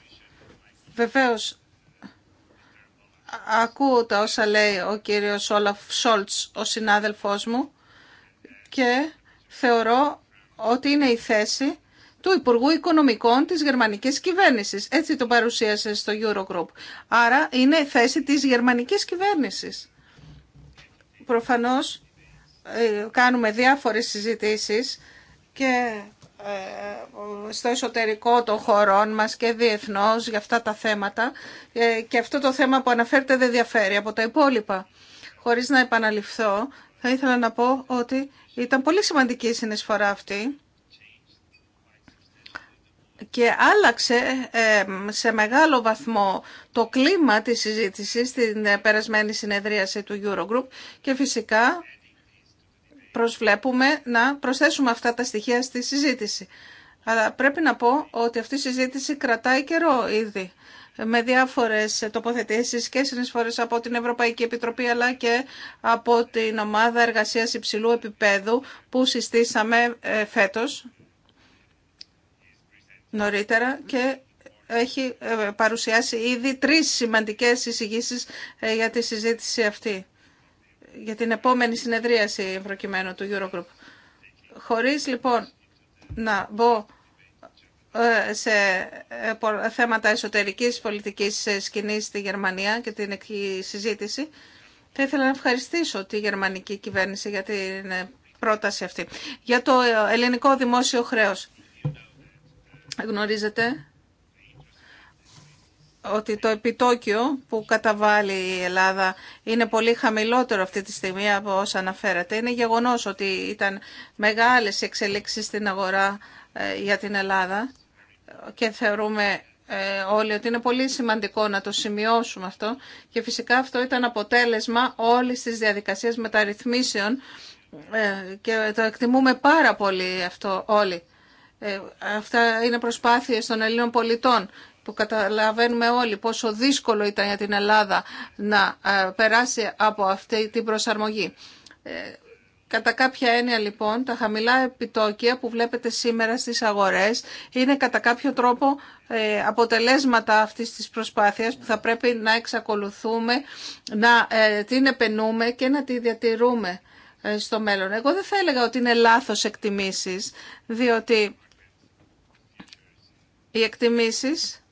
Βεβαίως, ακούω τα όσα λέει ο κύριος Όλαφ Σόλτς, ο συνάδελφός μου, και θεωρώ ότι είναι η θέση του Υπουργού Οικονομικών της γερμανικής κυβέρνησης. Έτσι το παρουσίασε στο Eurogroup. Άρα είναι θέση της γερμανικής κυβέρνησης. Προφανώς ε, κάνουμε διάφορες συζητήσεις και ε, στο εσωτερικό των χωρών μας και διεθνώς για αυτά τα θέματα ε, και αυτό το θέμα που αναφέρεται δεν διαφέρει από τα υπόλοιπα. Χωρίς να επαναληφθώ, θα ήθελα να πω ότι ήταν πολύ σημαντική η συνεισφορά αυτή και άλλαξε ε, σε μεγάλο βαθμό το κλίμα της συζήτησης στην ε, περασμένη συνεδρίαση του Eurogroup και φυσικά προσβλέπουμε να προσθέσουμε αυτά τα στοιχεία στη συζήτηση. Αλλά πρέπει να πω ότι αυτή η συζήτηση κρατάει καιρό ήδη με διάφορες τοποθετήσεις και συνεισφορές από την Ευρωπαϊκή Επιτροπή αλλά και από την Ομάδα Εργασίας Υψηλού Επιπέδου που συστήσαμε ε, φέτος νωρίτερα και έχει ε, παρουσιάσει ήδη τρεις σημαντικές εισηγήσεις ε, για τη συζήτηση αυτή, για την επόμενη συνεδρίαση προκειμένου του Eurogroup. Χωρίς λοιπόν να μπω ε, σε θέματα εσωτερικής πολιτικής σκηνής στη Γερμανία και την συζήτηση, θα ήθελα να ευχαριστήσω τη γερμανική κυβέρνηση για την πρόταση αυτή. Για το ελληνικό δημόσιο χρέος γνωρίζετε ότι το επιτόκιο που καταβάλει η Ελλάδα είναι πολύ χαμηλότερο αυτή τη στιγμή από όσα αναφέρατε. Είναι γεγονός ότι ήταν μεγάλες εξελίξεις στην αγορά ε, για την Ελλάδα και θεωρούμε ε, όλοι ότι είναι πολύ σημαντικό να το σημειώσουμε αυτό και φυσικά αυτό ήταν αποτέλεσμα όλης της διαδικασίας μεταρρυθμίσεων ε, και το εκτιμούμε πάρα πολύ αυτό όλοι. Ε, αυτά είναι προσπάθειες των Ελλήνων πολιτών που καταλαβαίνουμε όλοι πόσο δύσκολο ήταν για την Ελλάδα να ε, περάσει από αυτή την προσαρμογή. Ε, κατά κάποια έννοια λοιπόν τα χαμηλά επιτόκια που βλέπετε σήμερα στις αγορές είναι κατά κάποιο τρόπο αποτελέσματα αυτής της προσπάθειας που θα πρέπει να εξακολουθούμε, να την επενούμε και να τη διατηρούμε στο μέλλον. Εγώ δεν θα έλεγα ότι είναι λάθος εκτιμήσεις, διότι οι εκτιμήσεις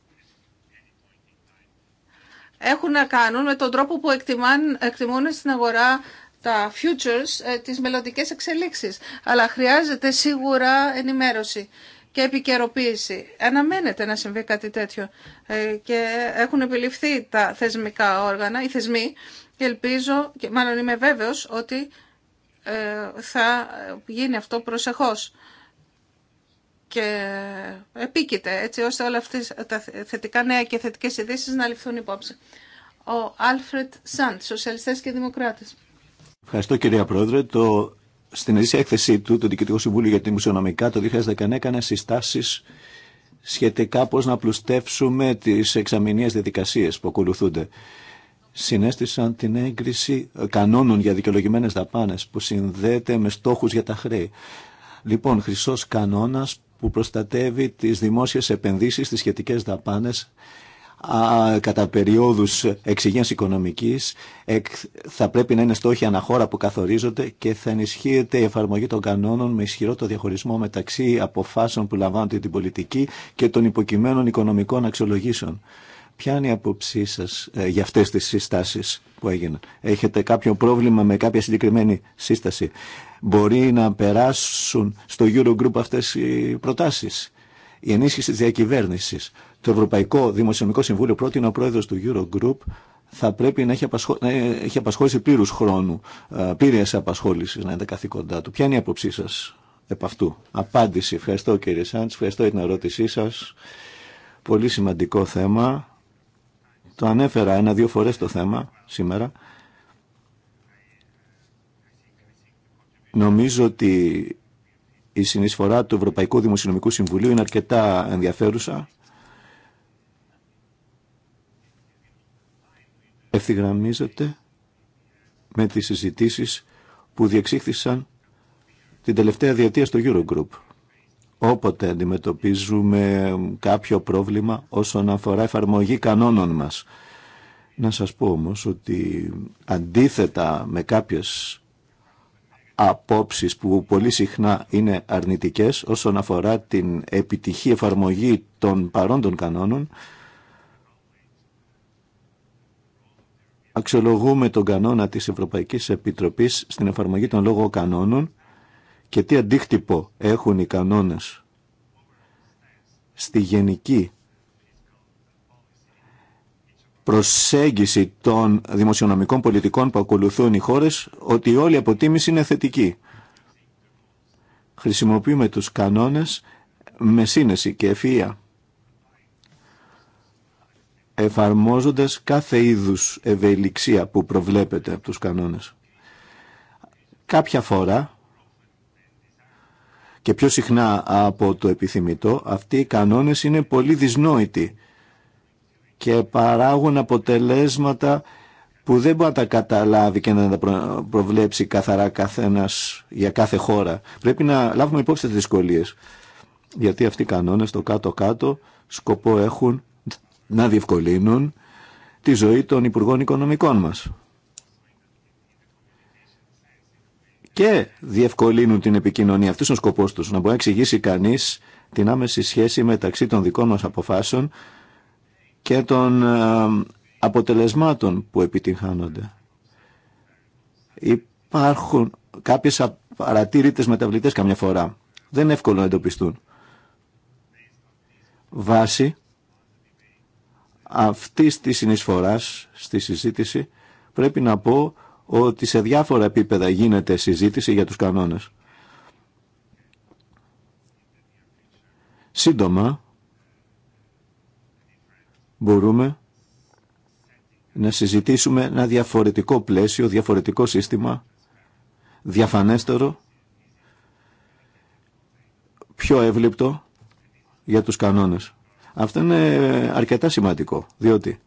έχουν να κάνουν με τον τρόπο που εκτιμάν, εκτιμούν στην αγορά τα futures, ε, τις μελλοντικέ εξελίξεις. Αλλά χρειάζεται σίγουρα ενημέρωση και επικαιροποίηση. Αναμένεται να συμβεί κάτι τέτοιο. Ε, και έχουν επιληφθεί τα θεσμικά όργανα, οι θεσμοί, και ελπίζω, και μάλλον είμαι βέβαιος, ότι ε, θα γίνει αυτό προσεχώς και επίκειται έτσι ώστε όλα αυτές τα θετικά νέα και θετικές ειδήσει να ληφθούν υπόψη. Ο Άλφρετ Σαντ, Σοσιαλιστές και Δημοκράτες. Ευχαριστώ κυρία Πρόεδρε. Το, στην ετήσια έκθεσή του, το Διοικητικό Συμβούλιο για τη μουσιονομικά το 2019 έκανε συστάσει σχετικά πώ να πλουστεύσουμε τι εξαμηνίε διαδικασίε που ακολουθούνται. Συνέστησαν την έγκριση κανόνων για δικαιολογημένε δαπάνε που συνδέεται με στόχου για τα χρέη. Λοιπόν, χρυσό Κανόνα που προστατεύει τις δημόσιες επενδύσεις, τις σχετικές δαπάνες κατά περιόδους εξηγίας οικονομικής θα πρέπει να είναι στόχοι αναχώρα που καθορίζονται και θα ενισχύεται η εφαρμογή των κανόνων με ισχυρό το διαχωρισμό μεταξύ αποφάσεων που λαμβάνονται την πολιτική και των υποκειμένων οικονομικών αξιολογήσεων. Ποια είναι η απόψή σα ε, για αυτέ τι συστάσει που έγιναν, Έχετε κάποιο πρόβλημα με κάποια συγκεκριμένη σύσταση, Μπορεί να περάσουν στο Eurogroup αυτές οι προτάσεις. Η ενίσχυση της διακυβέρνησης. Το Ευρωπαϊκό Δημοσιονομικό Συμβούλιο πρότεινε ο πρόεδρος του Eurogroup θα πρέπει να έχει, απασχο... να έχει απασχόληση πλήρου χρόνου, ε, πλήρε απασχόληση να είναι τα καθήκοντά του. Ποια είναι η άποψή σα επ' αυτού. Απάντηση. Ευχαριστώ κύριε Σάντ, ευχαριστώ για την ερώτησή σα. Πολύ σημαντικό θέμα. Το ανέφερα ένα-δύο φορές το θέμα σήμερα. Νομίζω ότι η συνεισφορά του Ευρωπαϊκού Δημοσιονομικού Συμβουλίου είναι αρκετά ενδιαφέρουσα. Ευθυγραμμίζεται με τις συζητήσεις που διεξήχθησαν την τελευταία διετία στο Eurogroup. Όποτε αντιμετωπίζουμε κάποιο πρόβλημα όσον αφορά εφαρμογή κανόνων μας. Να σας πω όμως ότι αντίθετα με κάποιες απόψεις που πολύ συχνά είναι αρνητικές όσον αφορά την επιτυχή εφαρμογή των παρόντων κανόνων. Αξιολογούμε τον κανόνα της Ευρωπαϊκής Επιτροπής στην εφαρμογή των λόγων κανόνων και τι αντίκτυπο έχουν οι κανόνες στη γενική προσέγγιση των δημοσιονομικών πολιτικών που ακολουθούν οι χώρες ότι όλη η αποτίμηση είναι θετική. Χρησιμοποιούμε τους κανόνες με σύνεση και ευφυΐα εφαρμόζοντας κάθε είδους ευελιξία που προβλέπεται από τους κανόνες. Κάποια φορά και πιο συχνά από το επιθυμητό, αυτοί οι κανόνες είναι πολύ δυσνόητοι και παράγουν αποτελέσματα που δεν μπορεί να τα καταλάβει και να τα προβλέψει καθαρά καθένας για κάθε χώρα. Πρέπει να λάβουμε υπόψη τις δυσκολίες. Γιατί αυτοί οι κανόνες το κάτω-κάτω σκοπό έχουν να διευκολύνουν τη ζωή των Υπουργών Οικονομικών μας. Και διευκολύνουν την επικοινωνία. Αυτός είναι ο σκοπός τους. Να μπορεί να εξηγήσει κανείς την άμεση σχέση μεταξύ των δικών μας αποφάσεων και των ε, αποτελεσμάτων που επιτυγχάνονται. Υπάρχουν κάποιες απαρατήρητες μεταβλητές καμιά φορά. Δεν είναι εύκολο να εντοπιστούν. Βάση αυτής της συνεισφοράς στη συζήτηση πρέπει να πω ότι σε διάφορα επίπεδα γίνεται συζήτηση για τους κανόνες. Σύντομα, μπορούμε να συζητήσουμε ένα διαφορετικό πλαίσιο, διαφορετικό σύστημα, διαφανέστερο, πιο εύληπτο για τους κανόνες. Αυτό είναι αρκετά σημαντικό, διότι,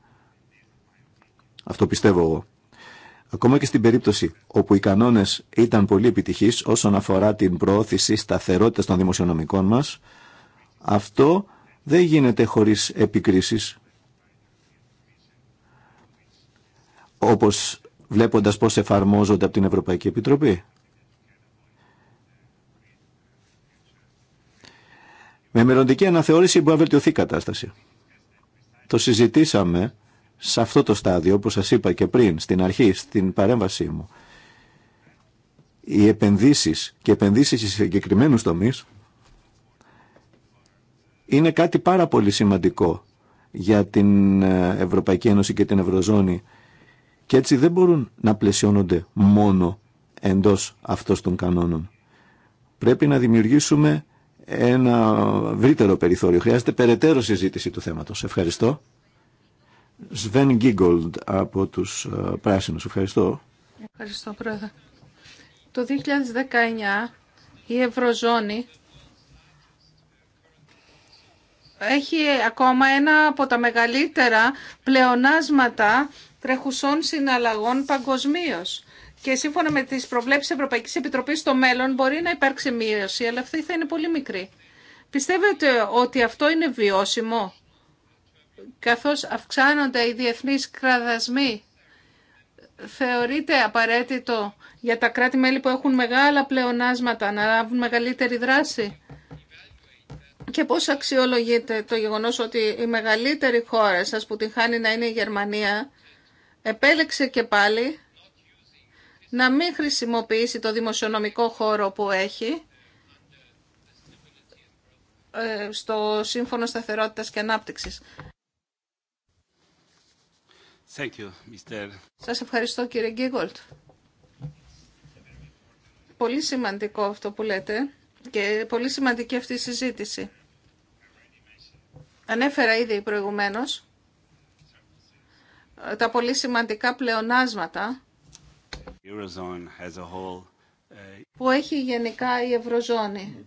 αυτό πιστεύω εγώ, ακόμα και στην περίπτωση όπου οι κανόνες ήταν πολύ επιτυχείς όσον αφορά την προώθηση σταθερότητας των δημοσιονομικών μας, αυτό δεν γίνεται χωρίς επικρίσεις όπως βλέποντας πώς εφαρμόζονται από την Ευρωπαϊκή Επιτροπή. Με μελλοντική αναθεώρηση μπορεί να βελτιωθεί η κατάσταση. Το συζητήσαμε σε αυτό το στάδιο, όπως σας είπα και πριν, στην αρχή, στην παρέμβασή μου. Οι επενδύσεις και επενδύσεις σε συγκεκριμένους τομείς είναι κάτι πάρα πολύ σημαντικό για την ε, Ευρωπαϊκή Ένωση και την Ευρωζώνη και έτσι δεν μπορούν να πλαισιώνονται μόνο εντός αυτών των κανόνων. Πρέπει να δημιουργήσουμε ένα βρύτερο περιθώριο. Χρειάζεται περαιτέρω συζήτηση του θέματος. Ευχαριστώ. Σβέν Γκίγκολντ από τους ε, Πράσινους. Ευχαριστώ. Ευχαριστώ, Πρόεδρε. Το 2019 η Ευρωζώνη έχει ακόμα ένα από τα μεγαλύτερα πλεονάσματα τρεχουσών συναλλαγών παγκοσμίω. Και σύμφωνα με τις προβλέψεις Ευρωπαϊκής Επιτροπής στο μέλλον μπορεί να υπάρξει μείωση, αλλά αυτή θα είναι πολύ μικρή. Πιστεύετε ότι αυτό είναι βιώσιμο, καθώς αυξάνονται οι διεθνείς κραδασμοί. Θεωρείται απαραίτητο για τα κράτη-μέλη που έχουν μεγάλα πλεονάσματα να λάβουν μεγαλύτερη δράση και πώς αξιολογείται το γεγονός ότι η μεγαλύτερη χώρα σας που την χάνει να είναι η Γερμανία επέλεξε και πάλι να μην χρησιμοποιήσει το δημοσιονομικό χώρο που έχει ε, στο Σύμφωνο Σταθερότητας και Ανάπτυξης. Thank Σας ευχαριστώ κύριε Γκίγολτ. Πολύ σημαντικό αυτό που λέτε και πολύ σημαντική αυτή η συζήτηση. Ανέφερα ήδη προηγουμένως ε, τα πολύ σημαντικά πλεονάσματα ε, που έχει γενικά η Ευρωζώνη.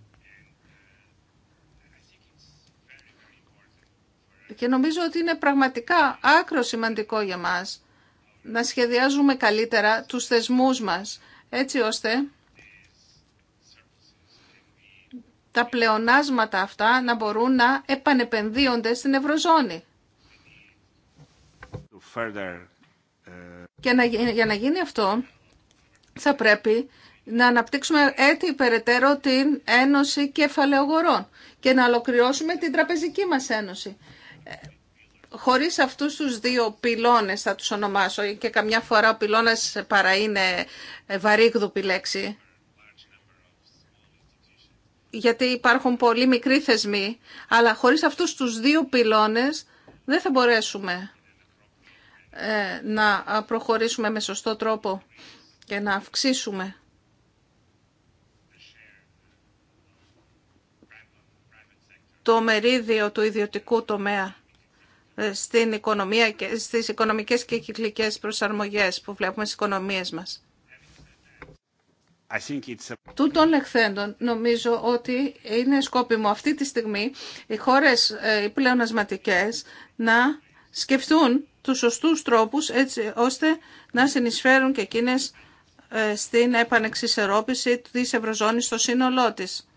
Και νομίζω ότι είναι πραγματικά άκρο σημαντικό για μας να σχεδιάζουμε καλύτερα τους θεσμούς μας, έτσι ώστε τα πλεονάσματα αυτά να μπορούν να επανεπενδύονται στην Ευρωζώνη. Ε, και να, για να γίνει αυτό θα πρέπει να αναπτύξουμε έτσι περαιτέρω την Ένωση Κεφαλαιογορών και να ολοκληρώσουμε την Τραπεζική μας Ένωση. Ε, χωρίς αυτούς τους δύο πυλώνες θα τους ονομάσω και καμιά φορά ο πυλώνας παρά είναι ε, βαρύγδουπη λέξη γιατί υπάρχουν πολύ μικροί θεσμοί, αλλά χωρίς αυτούς τους δύο πυλώνες δεν θα μπορέσουμε ε, να προχωρήσουμε με σωστό τρόπο και να αυξήσουμε το μερίδιο του ιδιωτικού τομέα ε, στην οικονομία και στις οικονομικές και κυκλικές προσαρμογές που βλέπουμε στις οικονομίες μας. Τούτων λεχθέντων νομίζω ότι είναι σκόπιμο αυτή τη στιγμή οι χώρες ε, οι πλεονασματικές να σκεφτούν τους σωστούς τρόπους έτσι ώστε να συνεισφέρουν και εκείνες ε, στην επανεξισερώπηση της Ευρωζώνης στο σύνολό της.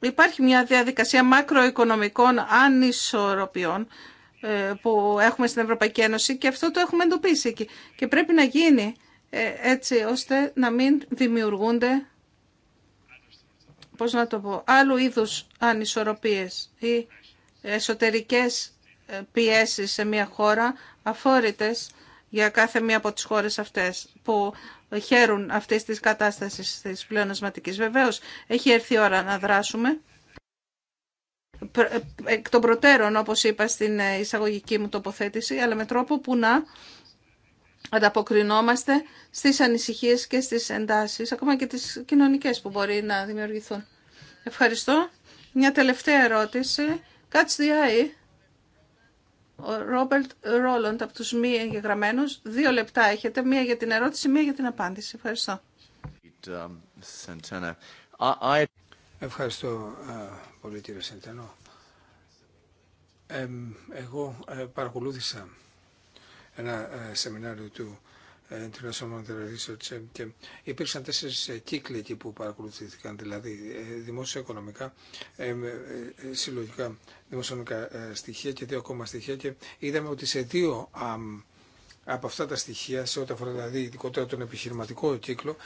Υπάρχει μια διαδικασία μακροοικονομικών ανισορροπιών ε, που έχουμε στην Ευρωπαϊκή Ένωση και αυτό το έχουμε εντοπίσει εκεί. Και πρέπει να γίνει ε, έτσι ώστε να μην δημιουργούνται πώς να το πω, άλλου είδους ανισορροπίες ή εσωτερικές ε, πιέσεις σε μια χώρα αφόρητες για κάθε μία από τις χώρες αυτές που χαίρουν αυτής της κατάστασης της πλεονασματικής. Βεβαίως, έχει έρθει η ώρα να δράσουμε ε, εκ των προτέρων, όπως είπα στην ε, εισαγωγική μου τοποθέτηση, αλλά με τρόπο που να ανταποκρινόμαστε στις ανησυχίες και στις εντάσεις, ακόμα και τις κοινωνικές που μπορεί να δημιουργηθούν. Ευχαριστώ. Μια τελευταία ερώτηση. τη ΆΗ. Ο Ρόμπερτ Ρόλοντ από τους μη εγγεγραμμένους. Δύο λεπτά έχετε. Μία για την ερώτηση, μία για την απάντηση. Ευχαριστώ. Um, Ευχαριστώ ε, πολύ κύριε Σεντενό. εγώ ε, παρακολούθησα ένα ε, σεμινάριο του International Monetary Research και υπήρξαν τέσσερις κύκλοι εκεί που παρακολουθήθηκαν, δηλαδή δημόσια οικονομικά, συλλογικά δημοσιονομικά στοιχεία και δύο ακόμα στοιχεία και είδαμε ότι σε δύο από αυτά τα στοιχεία, σε ό,τι αφορά δηλαδή ειδικότερα τον επιχειρηματικό κύκλο,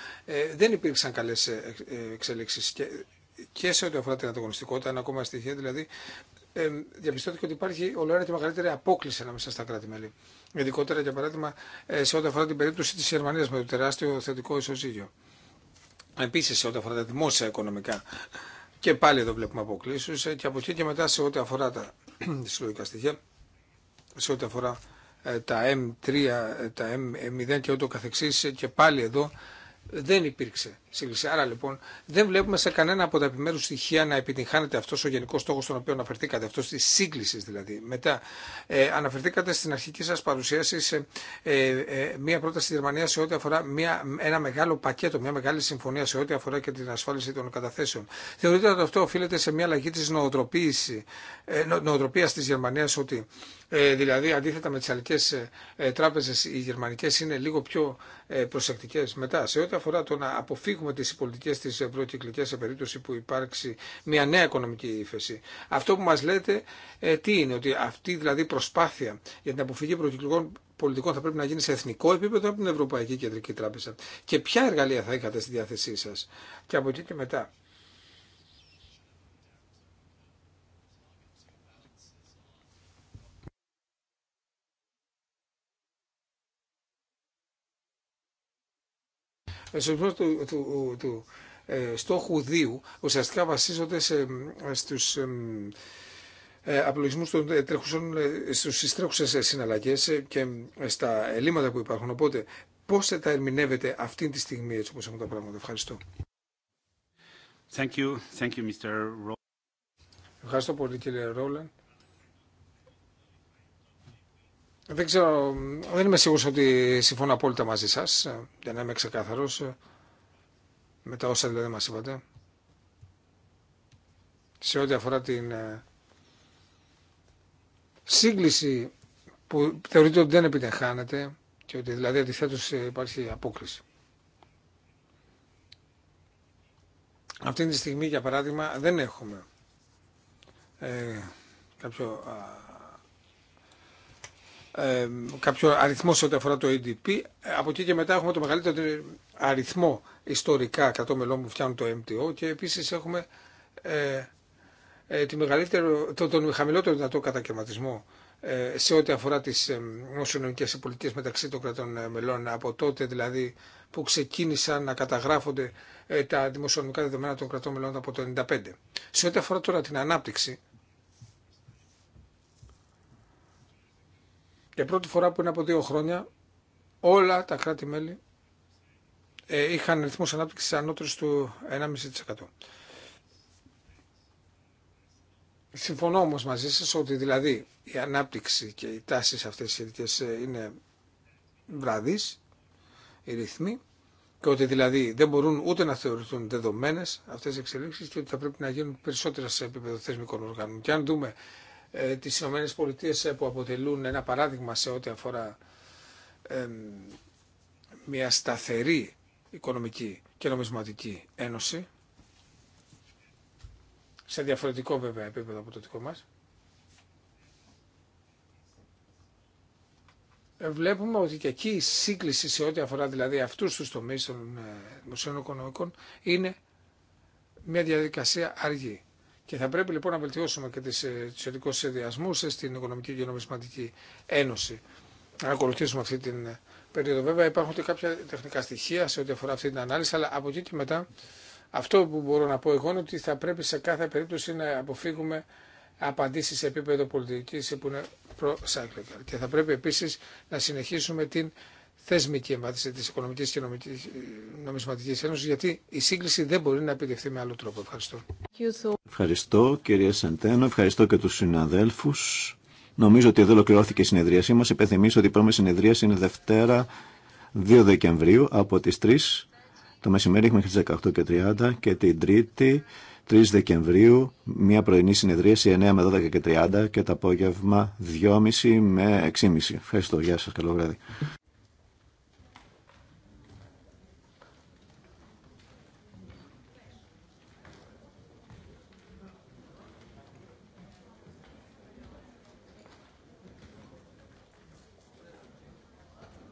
δεν υπήρξαν καλές εξελίξεις και και σε ό,τι αφορά την ανταγωνιστικότητα, ένα ακόμα στοιχείο, δηλαδή ε, διαπιστώθηκε ότι υπάρχει ολοένα και μεγαλύτερη απόκληση ανάμεσα στα κράτη-μέλη. Ειδικότερα, για παράδειγμα, ε, σε ό,τι αφορά την περίπτωση τη Γερμανία με το τεράστιο θετικό ισοζύγιο. Επίση, σε ό,τι αφορά τα δημόσια οικονομικά. Και πάλι εδώ βλέπουμε αποκλήσει. Ε, και από εκεί και μετά, σε ό,τι αφορά τα *clears throat* συλλογικά στοιχεία, σε ό,τι αφορά ε, τα M3, τα M0 και ούτω καθεξής και πάλι εδώ δεν υπήρξε σύγκριση. Άρα λοιπόν δεν βλέπουμε σε κανένα από τα επιμέρου στοιχεία να επιτυγχάνεται αυτό ο γενικό στόχο στον οποίο αναφερθήκατε, αυτό τη σύγκληση δηλαδή. Μετά, ε, αναφερθήκατε στην αρχική σα παρουσίαση σε ε, ε μια, ένα μεγάλο πακέτο, μια μεγάλη συμφωνία σε ό,τι αφορά και την ασφάλιση των καταθέσεων. Θεωρείτε ότι αυτό οφείλεται σε μια αλλαγή τη ε, νοοτροπία τη Γερμανία ότι ε, δηλαδή αντίθετα με τι αλληλικέ ε, ε οι γερμανικέ είναι λίγο πιο ε, μετά σε ό,τι αφορά το να έχουμε τις πολιτικές τι προκυκλικές σε περίπτωση που υπάρξει μια νέα οικονομική ύφεση. Αυτό που μας λέτε ε, τι είναι, ότι αυτή δηλαδή προσπάθεια για την αποφυγή προκυκλικών πολιτικών θα πρέπει να γίνει σε εθνικό επίπεδο από την Ευρωπαϊκή Κεντρική Τράπεζα. Και ποια εργαλεία θα είχατε στη διάθεσή σα Και από εκεί και μετά Εσωτερικό του, του, του ε, στόχου 2 ουσιαστικά βασίζονται σε, ε, στους ε, ε, απολογισμούς των ε, τρέχουσων, ε, συναλλαγές και στα ελλείμματα που υπάρχουν. Οπότε, πώς θα τα ερμηνεύετε αυτή τη στιγμή, έτσι όπως έχουν τα πράγματα. Ευχαριστώ. Thank you. Thank you, Mr. Ευχαριστώ πολύ, κύριε Ρόλαν. Δεν ξέρω, δεν είμαι σίγουρος ότι συμφωνώ απόλυτα μαζί σας, για να είμαι ξεκάθαρος, με τα όσα δηλαδή μας είπατε. Σε ό,τι αφορά την ε, σύγκληση που θεωρείται ότι δεν επιτεχάνεται και ότι δηλαδή αντιθέτως ε, υπάρχει απόκριση. Αυτή τη στιγμή, για παράδειγμα, δεν έχουμε ε, κάποιο κάποιο αριθμό σε ό,τι αφορά το EDP. Από εκεί και μετά έχουμε το μεγαλύτερο αριθμό ιστορικά κρατών μελών που φτιάχνουν το MTO και επίσης έχουμε ε, ε, μεγαλύτερο, το, τον χαμηλότερο δυνατό κατακαιρματισμό ε, σε ό,τι αφορά τις ε, πολιτικέ πολιτικές μεταξύ των κρατών ε, μελών από τότε δηλαδή που ξεκίνησαν να καταγράφονται ε, τα δημοσιονομικά δεδομένα των κρατών μελών από το 1995. Σε ό,τι αφορά τώρα την ανάπτυξη Και πρώτη φορά που είναι από δύο χρόνια όλα τα κράτη-μέλη ε, είχαν ρυθμούς ανάπτυξης ανώτερους του 1,5%. Συμφωνώ όμω μαζί σα ότι δηλαδή η ανάπτυξη και οι τάσει αυτές οι ε, είναι βραδεί, οι ρυθμοί, και ότι δηλαδή δεν μπορούν ούτε να θεωρηθούν δεδομένες αυτές οι εξελίξει και ότι θα πρέπει να γίνουν περισσότερα σε επίπεδο θεσμικών οργάνων. Και αν δούμε ε, τις Ηνωμένες Πολιτείες ε, που αποτελούν ένα παράδειγμα σε ό,τι αφορά μια σταθερή οικονομική και νομισματική ένωση σε διαφορετικό βέβαια επίπεδο από το δικό μας. Ε, βλέπουμε ότι και εκεί η σύγκληση σε ό,τι αφορά δηλαδή αυτούς τους τομείς των δημοσίων οικονομικών είναι μια διαδικασία αργή. Και θα πρέπει λοιπόν να βελτιώσουμε και τις, ε, τους ειδικούς στην Οικονομική και Νομισματική Ένωση. Να ακολουθήσουμε αυτή την ε, περίοδο. Βέβαια υπάρχουν και κάποια τεχνικά στοιχεία σε ό,τι αφορά αυτή την ανάλυση, αλλά από εκεί και μετά αυτό που μπορώ να πω εγώ είναι ότι θα πρέπει σε κάθε περίπτωση να αποφύγουμε απαντήσεις σε επίπεδο πολιτικής που είναι Και θα πρέπει επίσης να συνεχίσουμε την θεσμική εμβάθυνση της Οικονομικής και Νομισματικής Ένωσης, γιατί η σύγκληση δεν μπορεί να επιτευχθεί με άλλο τρόπο. Ευχαριστώ. Ευχαριστώ κυρία Σεντένο, ευχαριστώ και τους συναδέλφους. Νομίζω ότι εδώ ολοκληρώθηκε η συνεδρίασή μας. Υπενθυμίσω ότι η πρώτη συνεδρίαση είναι Δευτέρα 2 Δεκεμβρίου από τις 3 το μεσημέρι μέχρι τις 18.30 και την Τρίτη 3 Δεκεμβρίου μια πρωινή συνεδρίαση 9 με 12 και 30 και το απόγευμα 2.30 με 6.30. Ευχαριστώ. Γεια σας. Καλό βράδυ.